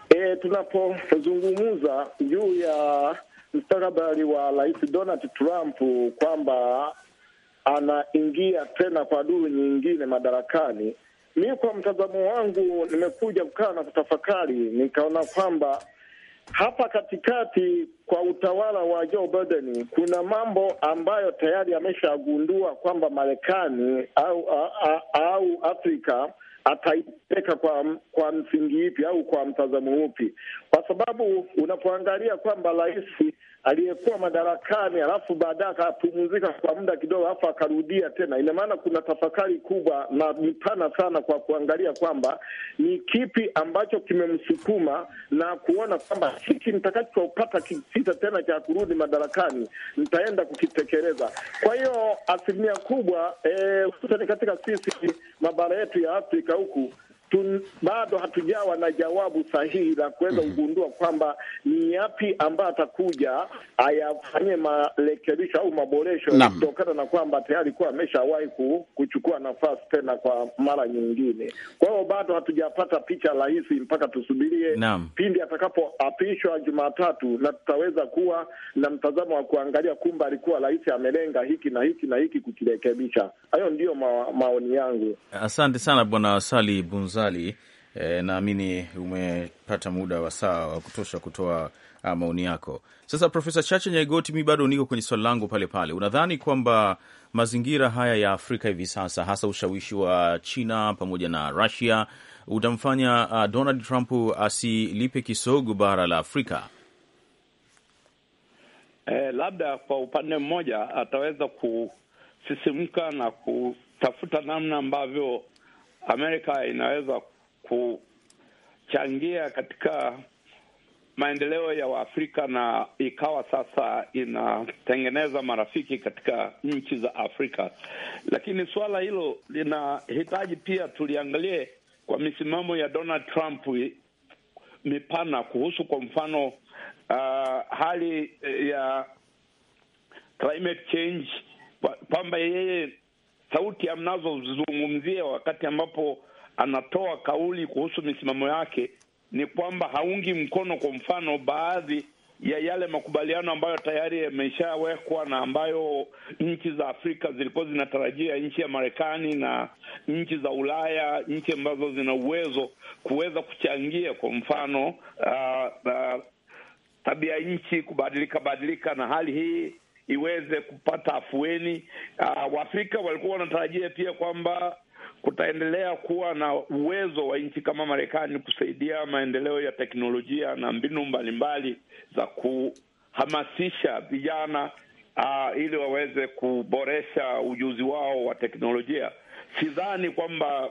E, tunapozungumza juu ya mustakabali wa Rais Donald Trump kwamba anaingia tena kwa duru nyingine madarakani, mi kwa mtazamo wangu nimekuja kukaa na kutafakari, nikaona kwamba hapa katikati kwa utawala wa Joe Biden kuna mambo ambayo tayari ameshagundua kwamba Marekani au, au, au Afrika ataipeka kwa kwa msingi ipi au kwa mtazamo upi, kwa sababu unapoangalia kwamba rais aliyekuwa madarakani alafu baadaye akapumzika kwa muda kidogo, alafu akarudia tena. Ina maana kuna tafakari kubwa na mipana sana kwa kuangalia kwamba ni kipi ambacho kimemsukuma na kuona kwamba hiki nitakachopata kisita tena cha kurudi madarakani nitaenda kukitekeleza. Kwa hiyo asilimia kubwa eh, hususani e, katika sisi mabara yetu ya Afrika huku Tun, bado hatujawa na jawabu sahihi la kuweza mhm. kugundua mm -hmm. kwamba ni yapi ambayo atakuja ayafanye marekebisho au maboresho kutokana na kwamba tayari kuwa ameshawahi kuchukua nafasi tena kwa mara nyingine. Kwa hiyo bado hatujapata picha rahisi mpaka tusubirie Naam. pindi atakapoapishwa Jumatatu, na tutaweza kuwa na mtazamo wa kuangalia kumbe alikuwa rais amelenga hiki na hiki na hiki kukirekebisha. Hayo ndiyo ma, maoni yangu. Asante sana Bwana Sali Bunza Ghazali. E, eh, naamini umepata muda wa saa wa kutosha kutoa ah, maoni yako. Sasa Profesa Chacha Nyaigoti, mi bado niko kwenye swali langu pale pale. Unadhani kwamba mazingira haya ya Afrika hivi sasa, hasa ushawishi wa China pamoja na Russia utamfanya uh, Donald Trump asilipe kisogo bara la Afrika? Eh, labda kwa upande mmoja ataweza kusisimka na kutafuta namna ambavyo Amerika inaweza kuchangia katika maendeleo ya Waafrika na ikawa sasa inatengeneza marafiki katika nchi za Afrika, lakini suala hilo linahitaji pia tuliangalie kwa misimamo ya Donald Trump mipana kuhusu kwa mfano uh, hali ya climate change, kwamba yeye sauti mnazozizungumzia wakati ambapo anatoa kauli kuhusu misimamo yake ni kwamba haungi mkono, kwa mfano, baadhi ya yale makubaliano ambayo tayari yameshawekwa na ambayo nchi za Afrika zilikuwa zinatarajia nchi ya Marekani na nchi za Ulaya, nchi ambazo zina uwezo kuweza kuchangia, kwa mfano uh, uh, tabia nchi kubadilika badilika na hali hii iweze kupata afueni. Uh, Waafrika walikuwa wanatarajia pia kwamba kutaendelea kuwa na uwezo wa nchi kama Marekani kusaidia maendeleo ya teknolojia na mbinu mbalimbali za kuhamasisha vijana uh, ili waweze kuboresha ujuzi wao wa teknolojia. Sidhani kwamba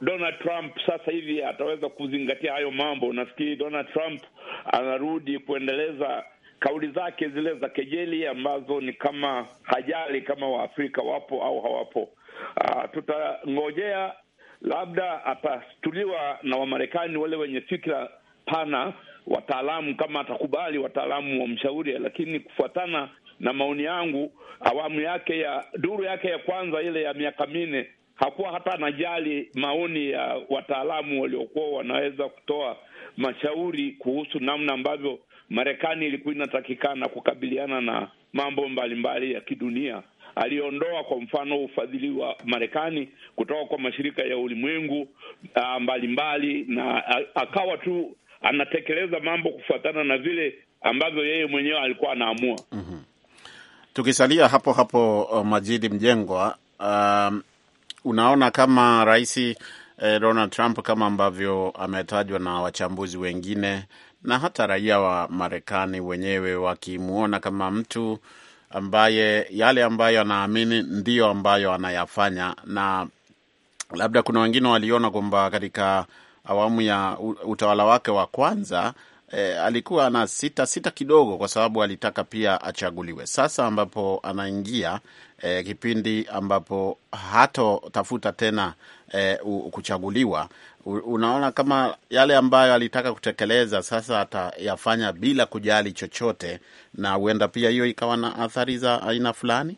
Donald Trump sasa hivi ataweza kuzingatia hayo mambo. Nafikiri Donald Trump anarudi kuendeleza kauli zake zile za kejeli ambazo ni kama hajali kama Waafrika wapo au hawapo. Uh, tutangojea labda atashtuliwa na Wamarekani wale wenye fikira pana, wataalamu, kama atakubali wataalamu wamshauri, lakini kufuatana na maoni yangu, awamu yake ya duru yake ya kwanza ile ya miaka minne hakuwa hata anajali maoni ya wataalamu waliokuwa wanaweza kutoa mashauri kuhusu namna ambavyo Marekani ilikuwa inatakikana kukabiliana na mambo mbalimbali ya kidunia. Aliondoa kwa mfano ufadhili wa Marekani kutoka kwa mashirika ya ulimwengu ah, mbalimbali, na akawa tu anatekeleza mambo kufuatana na vile ambavyo yeye mwenyewe alikuwa anaamua. mm -hmm. Tukisalia hapo hapo, uh, Majidi Mjengwa, um, unaona kama rais eh, Donald Trump kama ambavyo ametajwa na wachambuzi wengine na hata raia wa Marekani wenyewe wakimwona kama mtu ambaye yale ambayo anaamini ndiyo ambayo anayafanya, na labda kuna wengine waliona kwamba katika awamu ya utawala wake wa kwanza E, alikuwa ana sita sita kidogo kwa sababu alitaka pia achaguliwe. Sasa ambapo anaingia e, kipindi ambapo hatotafuta tena e, kuchaguliwa unaona kama yale ambayo alitaka kutekeleza sasa atayafanya bila kujali chochote, na huenda pia hiyo ikawa na athari za aina fulani.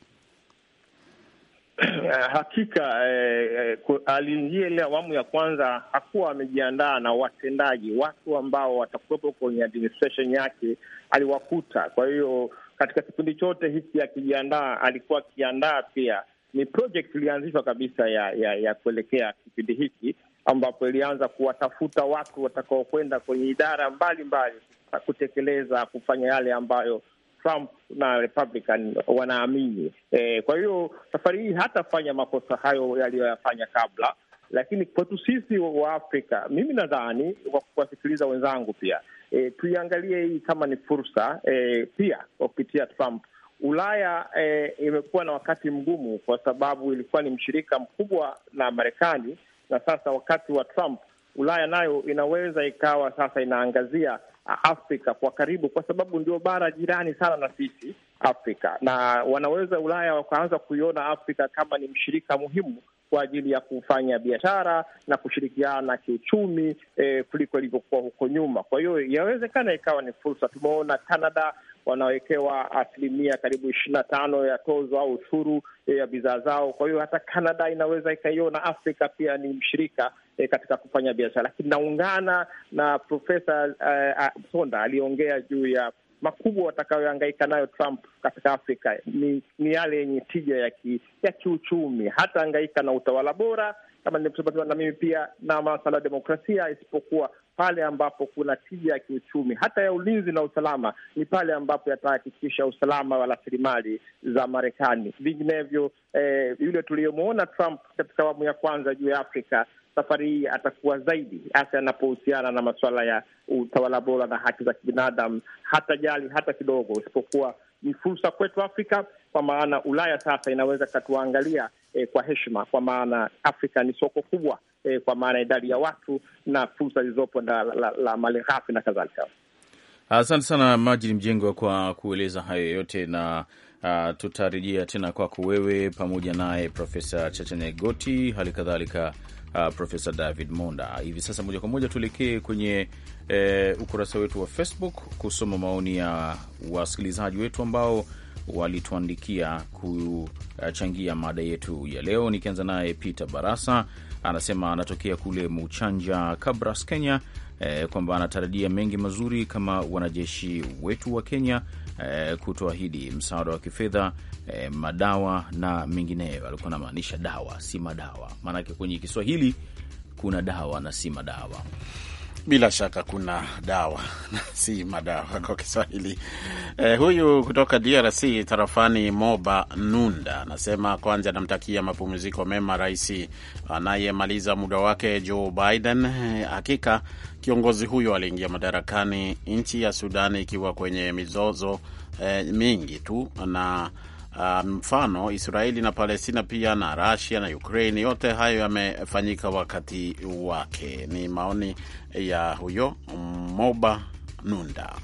Eh, hakika eh, eh aliingia ile awamu ya kwanza hakuwa amejiandaa na watendaji, watu ambao watakuwepo kwenye administration yake aliwakuta. Kwa hiyo katika kipindi chote hiki akijiandaa, alikuwa akiandaa pia ni project ilianzishwa kabisa ya ya, ya kuelekea kipindi hiki ambapo ilianza kuwatafuta watu watakaokwenda kwenye idara mbalimbali mbali, kutekeleza kufanya yale ambayo Trump na Republican wanaamini. E, kwa hiyo safari hii hatafanya makosa hayo yaliyoyafanya kabla, lakini kwetu sisi wa Afrika, mimi nadhani kwa kuwasikiliza wenzangu pia e, tuiangalie hii kama ni fursa e, pia kwa kupitia Trump Ulaya e, imekuwa na wakati mgumu kwa sababu ilikuwa ni mshirika mkubwa na Marekani na sasa wakati wa Trump Ulaya nayo inaweza ikawa sasa inaangazia Afrika kwa karibu, kwa sababu ndio bara jirani sana na sisi Afrika, na wanaweza Ulaya wakaanza kuiona Afrika kama ni mshirika muhimu kwa ajili ya kufanya biashara na kushirikiana kiuchumi eh, kuliko ilivyokuwa huko nyuma. Kwa hiyo yawezekana ikawa ni fursa. Tumeona Canada wanawekewa asilimia karibu ishirini na tano ya tozo au ushuru e, ya bidhaa zao. Kwa hiyo hata Canada inaweza ikaiona Afrika pia ni mshirika eh, katika kufanya biashara, lakini naungana na Profesa eh, Sonda aliongea juu ya makubwa watakayoangaika nayo Trump katika Afrika ni, ni yale yenye tija ya ki, ya kiuchumi. Hata angaika na utawala bora kama nilivyosema, na mimi pia na masala ya demokrasia, isipokuwa pale ambapo kuna tija ya kiuchumi, hata ya ulinzi na usalama, ni pale ambapo yatahakikisha usalama wa rasilimali za Marekani. Vinginevyo eh, yule tuliyomwona Trump katika awamu ya kwanza juu ya Afrika safari hii atakuwa zaidi, hasa yanapohusiana na masuala ya utawala bora na haki za kibinadamu, hata jali hata kidogo, isipokuwa ni fursa kwetu Afrika, kwa maana Ulaya sasa inaweza ikatuangalia eh, kwa heshima, kwa maana Afrika ni soko kubwa eh, kwa maana idadi ya watu na fursa zilizopo la, la, la ghafi na kadhalika. Asante sana ni Mjengo kwa kueleza hayo yote na uh, tutarejea tena kwako wewe pamoja naye Profesa Chacha Nyegoti hali kadhalika uh, ah, Profesa David Monda. Hivi sasa moja kwa moja tuelekee kwenye uh, ukurasa wetu wa Facebook kusoma maoni ya wasikilizaji wetu ambao walituandikia kuchangia mada yetu ya leo. Nikianza naye Peter Barasa anasema anatokea kule Muchanja, Kabras, Kenya, e, kwamba anatarajia mengi mazuri kama wanajeshi wetu wa Kenya e, kutoahidi msaada wa kifedha e, madawa na mengineyo. Alikuwa anamaanisha dawa, si madawa, maanake kwenye Kiswahili kuna dawa na si madawa. Bila shaka kuna dawa si madawa kwa Kiswahili. E, huyu kutoka DRC tarafani Moba Nunda anasema kwanza anamtakia mapumziko mema rais anayemaliza muda wake Joe Biden. Eh, hakika kiongozi huyo aliingia madarakani nchi ya Sudani ikiwa kwenye mizozo e, mingi tu na Um, mfano um, Israeli na Palestina pia na Rasia na Ukraini, yote hayo yamefanyika wakati wake. Ni maoni ya huyo Moba Nunda.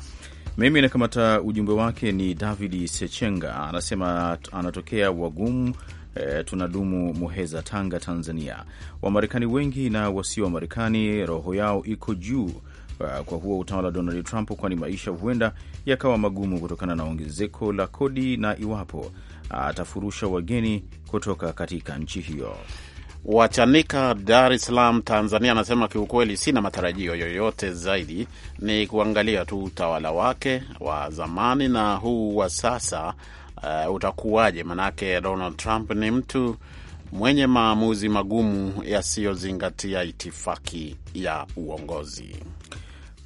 Mimi nakamata ujumbe wake ni David Sechenga, anasema anatokea wagumu E, eh, tunadumu Muheza, Tanga, Tanzania. Wamarekani wengi na wasio Wamarekani roho yao iko juu eh, kwa huo utawala wa Donald Trump, kwani maisha huenda yakawa magumu kutokana na ongezeko la kodi na iwapo atafurusha wageni kutoka katika nchi hiyo. Wachanika Dar es Salaam, Tanzania, anasema kiukweli, sina matarajio yoyote zaidi, ni kuangalia tu utawala wake wa zamani na huu wa sasa uh, utakuwaje? Manake Donald Trump ni mtu mwenye maamuzi magumu yasiyozingatia itifaki ya uongozi.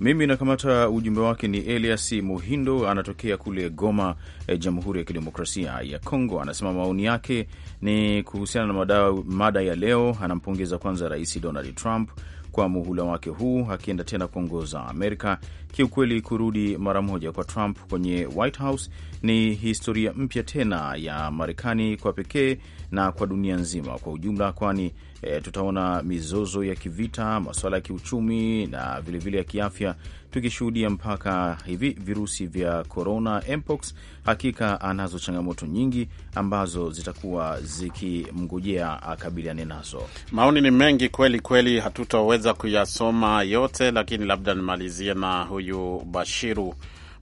Mimi nakamata ujumbe wake ni Elias Muhindo, anatokea kule Goma, e, Jamhuri ya Kidemokrasia ya Kongo. Anasema maoni yake ni kuhusiana na mada, mada ya leo. Anampongeza kwanza Rais Donald Trump kwa muhula wake huu akienda tena kuongoza Amerika Kiukweli, kurudi mara moja kwa Trump kwenye White House ni historia mpya tena ya Marekani kwa pekee na kwa dunia nzima kwa ujumla, kwani e, tutaona mizozo ya kivita, masuala ya kiuchumi na vilevile vile ya kiafya, tukishuhudia mpaka hivi virusi vya corona mpox. Hakika anazo changamoto nyingi ambazo zitakuwa zikimngojea akabiliane nazo. Maoni ni mengi kweli kweli, hatutaweza kuyasoma yote, lakini labda nimalizie na huyu huyu Bashiru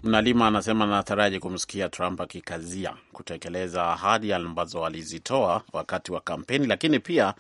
Mnalima anasema anataraji kumsikia Trump akikazia kutekeleza ahadi ambazo alizitoa wakati wa kampeni, lakini pia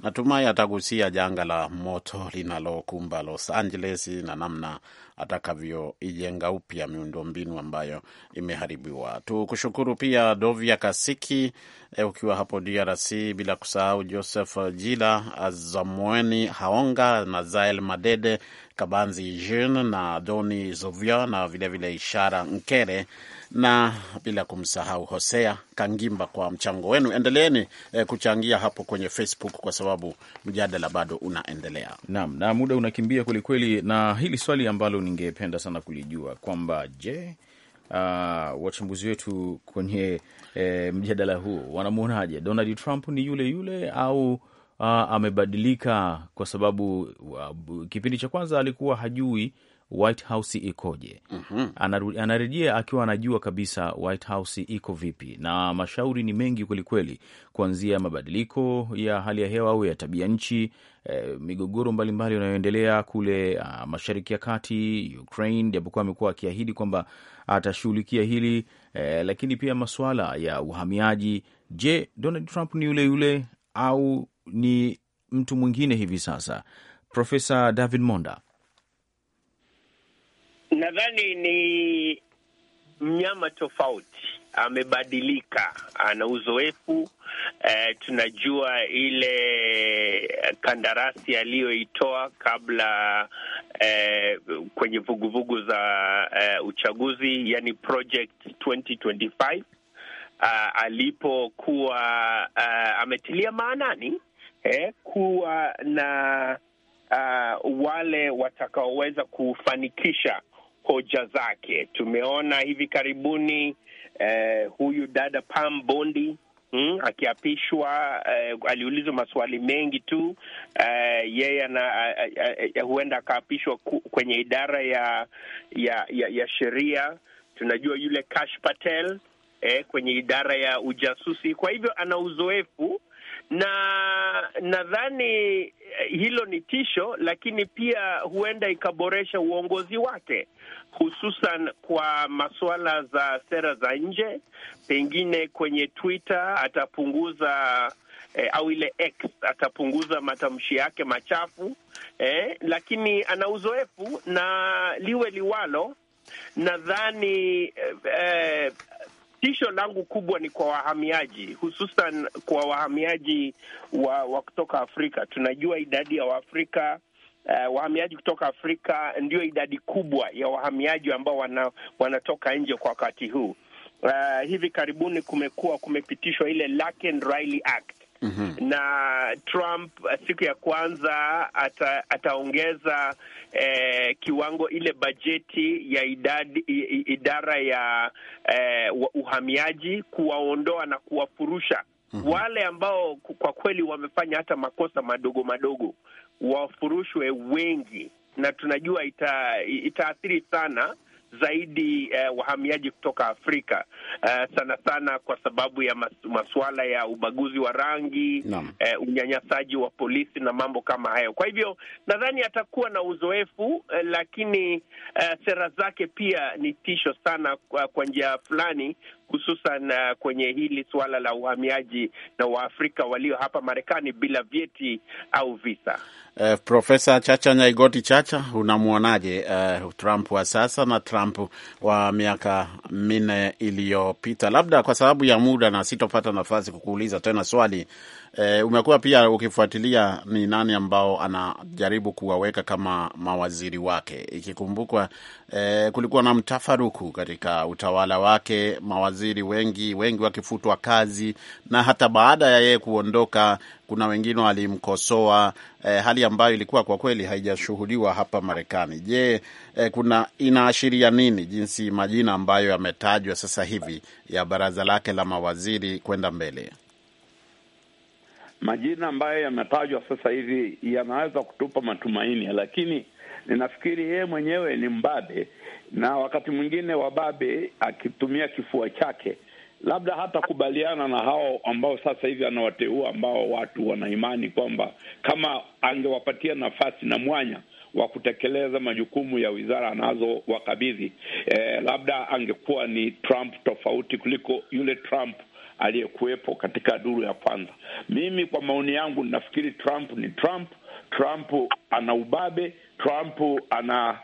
natumai atagusia janga la moto linalokumba Los Angeles na namna atakavyoijenga upya miundombinu ambayo imeharibiwa. Tukushukuru pia Dovia Kasiki e, ukiwa hapo DRC, bila kusahau Joseph Jila Zamweni Haonga na Zael Madede Kabanzi Jean na Doni Zovio na vilevile vile Ishara Nkere na bila kumsahau Hosea Kangimba kwa mchango wenu. Endeleeni eh, kuchangia hapo kwenye Facebook kwa sababu mjadala bado unaendelea. Naam, na muda unakimbia kwelikweli, na hili swali ambalo ningependa sana kulijua kwamba je, uh, wachambuzi wetu kwenye eh, mjadala huu wanamwonaje? Donald Trump ni yule yule au uh, amebadilika kwa sababu uh, kipindi cha kwanza alikuwa hajui White House ikoje. mm -hmm. anarejea akiwa anajua kabisa White House iko vipi, na mashauri ni mengi kwelikweli, kuanzia mabadiliko ya hali ya hewa au ya tabia nchi, eh, migogoro mbalimbali inayoendelea kule uh, Mashariki ya Kati, Ukraine, japokuwa amekuwa akiahidi kwamba atashughulikia hili eh, lakini pia masuala ya uhamiaji. Je, Donald Trump ni yule yule au ni mtu mwingine hivi sasa, Profesa David Monda? Nadhani ni mnyama tofauti, amebadilika, ana uzoefu eh. Tunajua ile eh, kandarasi aliyoitoa kabla eh, kwenye vuguvugu za eh, uchaguzi, yani Project 2025 Uh, ah, alipokuwa uh, ametilia maanani eh, kuwa na uh, wale watakaoweza kufanikisha hoja zake. Tumeona hivi karibuni eh, huyu dada Pam Bondi Hmm, akiapishwa eh, aliulizwa maswali mengi tu eh, yeye ana huenda akaapishwa kwenye idara ya ya, ya, ya sheria. Tunajua yule Kash Patel eh, kwenye idara ya ujasusi. Kwa hivyo ana uzoefu na nadhani eh, hilo ni tisho, lakini pia huenda ikaboresha uongozi wake, hususan kwa masuala za sera za nje. Pengine kwenye Twitter atapunguza eh, au ile X atapunguza matamshi yake machafu eh, lakini ana uzoefu na liwe liwalo, nadhani eh, eh Tisho langu kubwa ni kwa wahamiaji, hususan kwa wahamiaji wa, wa kutoka Afrika. Tunajua idadi ya Waafrika Uh, wahamiaji kutoka Afrika ndio idadi kubwa ya wahamiaji ambao wana, wanatoka nje kwa wakati huu. Uh, hivi karibuni kumekuwa kumepitishwa ile Laken Riley Act Mm-hmm. na Trump siku ya kwanza ata, ataongeza eh, kiwango ile bajeti ya idadi, idara ya eh, uhamiaji kuwaondoa na kuwafurusha mm -hmm. wale ambao kwa kweli wamefanya hata makosa madogo madogo wafurushwe wengi, na tunajua itaathiri ita sana zaidi eh, wahamiaji kutoka Afrika eh, sana sana kwa sababu ya mas, masuala ya ubaguzi wa rangi eh, unyanyasaji wa polisi na mambo kama hayo. Kwa hivyo nadhani atakuwa na uzoefu eh, lakini eh, sera zake pia ni tisho sana kwa, kwa njia fulani hususan uh, kwenye hili suala la uhamiaji na Waafrika walio hapa Marekani bila vyeti au visa. Uh, Profesa Chacha Nyaigoti Chacha, unamwonaje uh, Trump wa sasa na Trump wa miaka minne iliyopita? Labda kwa sababu ya muda na sitopata nafasi kukuuliza tena swali E, umekuwa pia ukifuatilia ni nani ambao anajaribu kuwaweka kama mawaziri wake. Ikikumbukwa e, kulikuwa na mtafaruku katika utawala wake, mawaziri wengi wengi wakifutwa kazi, na hata baada ya yeye kuondoka kuna wengine walimkosoa, e, hali ambayo ilikuwa kwa kweli haijashuhudiwa hapa Marekani. Je, e, kuna inaashiria nini jinsi majina ambayo yametajwa sasa hivi ya baraza lake la mawaziri kwenda mbele? Majina ambayo yametajwa sasa hivi yanaweza kutupa matumaini, lakini ninafikiri yeye mwenyewe ni mbabe, na wakati mwingine wababe akitumia kifua chake labda hata kubaliana na hao ambao sasa hivi anawateua ambao watu wanaimani kwamba kama angewapatia nafasi na mwanya wa kutekeleza majukumu ya wizara anazo wakabidhi, eh, labda angekuwa ni Trump tofauti kuliko yule Trump aliyekuwepo katika duru ya kwanza. Mimi kwa maoni yangu nafikiri Trump ni Trump. Trump ana ubabe, Trump ana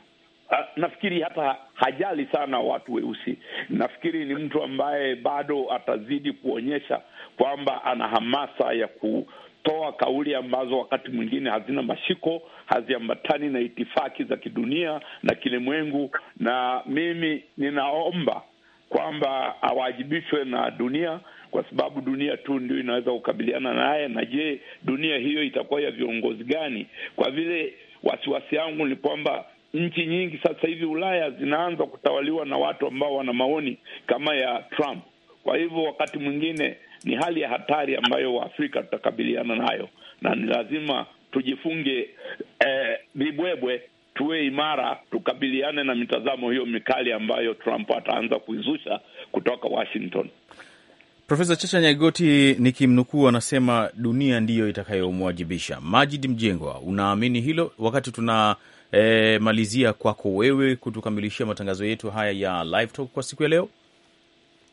nafikiri hata hajali sana watu weusi. Nafikiri ni mtu ambaye bado atazidi kuonyesha kwamba ana hamasa ya kutoa kauli ambazo wakati mwingine hazina mashiko, haziambatani na itifaki za kidunia na kilimwengu, na mimi ninaomba kwamba awajibishwe na dunia kwa sababu dunia tu ndio inaweza kukabiliana naye. Na je, dunia hiyo itakuwa ya viongozi gani? Kwa vile wasiwasi yangu ni kwamba nchi nyingi sasa hivi Ulaya zinaanza kutawaliwa na watu ambao wana maoni kama ya Trump. Kwa hivyo wakati mwingine ni hali ya hatari ambayo Waafrika tutakabiliana nayo, na ni lazima tujifunge eh, vibwebwe eh, tuwe imara, tukabiliane na mitazamo hiyo mikali ambayo Trump ataanza kuizusha kutoka Washington. Profesa Chacha Nyagoti, nikimnukuu, anasema dunia ndiyo itakayomwajibisha. Majid Mjengwa, unaamini hilo? Wakati tunamalizia eh, e, kwako wewe kutukamilishia matangazo yetu haya ya Live Talk kwa siku ya leo.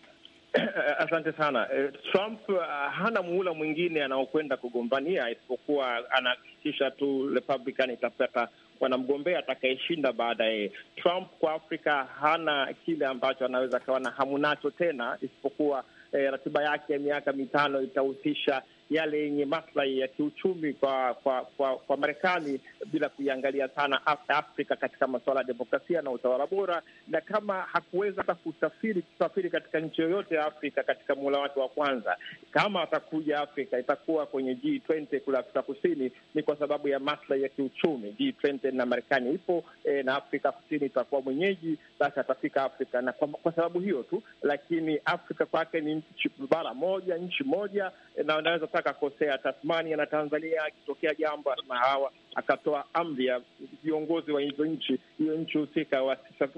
Asante sana. Eh, Trump uh, hana muhula mwingine anaokwenda kugombania isipokuwa anahakikisha tu Republican itapata wanamgombea atakayeshinda baadaye. Trump kwa Afrika hana kile ambacho anaweza akawa na hamu nacho tena isipokuwa eh, ratiba yake ya miaka mitano itahusisha yale yenye maslahi ya kiuchumi kwa kwa kwa, kwa Marekani bila kuiangalia sana Afrika katika masuala ya demokrasia na utawala bora, na kama hakuweza hata kusafiri kusafiri katika nchi yoyote ya Afrika katika muhula wake wa kwanza, kama atakuja Afrika itakuwa kwenye G20 kule Afrika Kusini, ni kwa sababu ya maslahi ya kiuchumi. G20 na Marekani ipo e, na Afrika Kusini itakuwa mwenyeji, basi atafika Afrika na kwa, kwa sababu hiyo tu, lakini Afrika kwake ni nchi bara moja, nchi moja, na anaweza hata akakosea Tasmania na Tanzania, akitokea jambo na hawa akatoa amri ya viongozi wa hizo nchi, hiyo nchi husika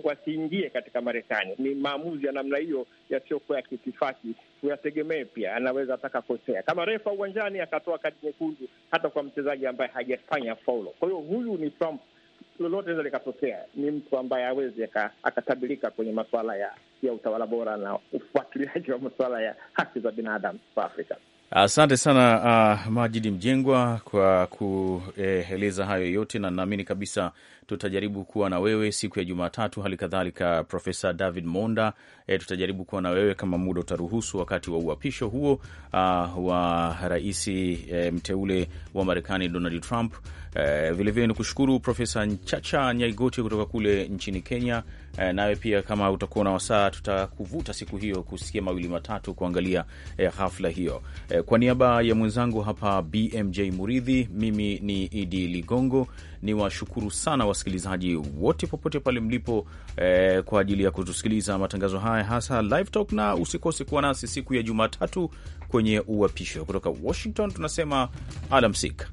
wasiingie katika Marekani. Ni maamuzi ya namna hiyo yasiyokuwa ya kitifaki, tuyategemee. Pia anaweza atakakosea, kama refa uwanjani akatoa kadi nyekundu hata kwa mchezaji ambaye hajafanya faulo. Kwa hiyo huyu ni Trump, lolote liweza likatokea. Ni mtu ambaye awezi akatabirika kwenye masuala ya, ya utawala bora na ufuatiliaji wa masuala ya haki za binadamu kwa Afrika. Asante sana uh, Majidi Mjengwa kwa kueleza hayo yote, na naamini kabisa tutajaribu kuwa na wewe siku ya Jumatatu. Hali kadhalika Profesa David Monda, e, tutajaribu kuwa na wewe kama muda utaruhusu, wakati wa uapisho huo uh, wa rais e, mteule wa Marekani Donald Trump. Vilevile eh, e, ni kushukuru Profesa Chacha Nyaigoti kutoka kule nchini Kenya. E, nawe pia kama utakuwa na wasaa tutakuvuta siku hiyo kusikia mawili matatu kuangalia e, hafla hiyo E, kwa niaba ya mwenzangu hapa BMJ Muridhi, mimi ni Idi Ligongo ni washukuru sana wasikilizaji wote popote pale mlipo e, kwa ajili ya kutusikiliza matangazo haya hasa live talk, na usikose kuwa nasi siku ya Jumatatu kwenye uapisho. Kutoka Washington tunasema alamsik.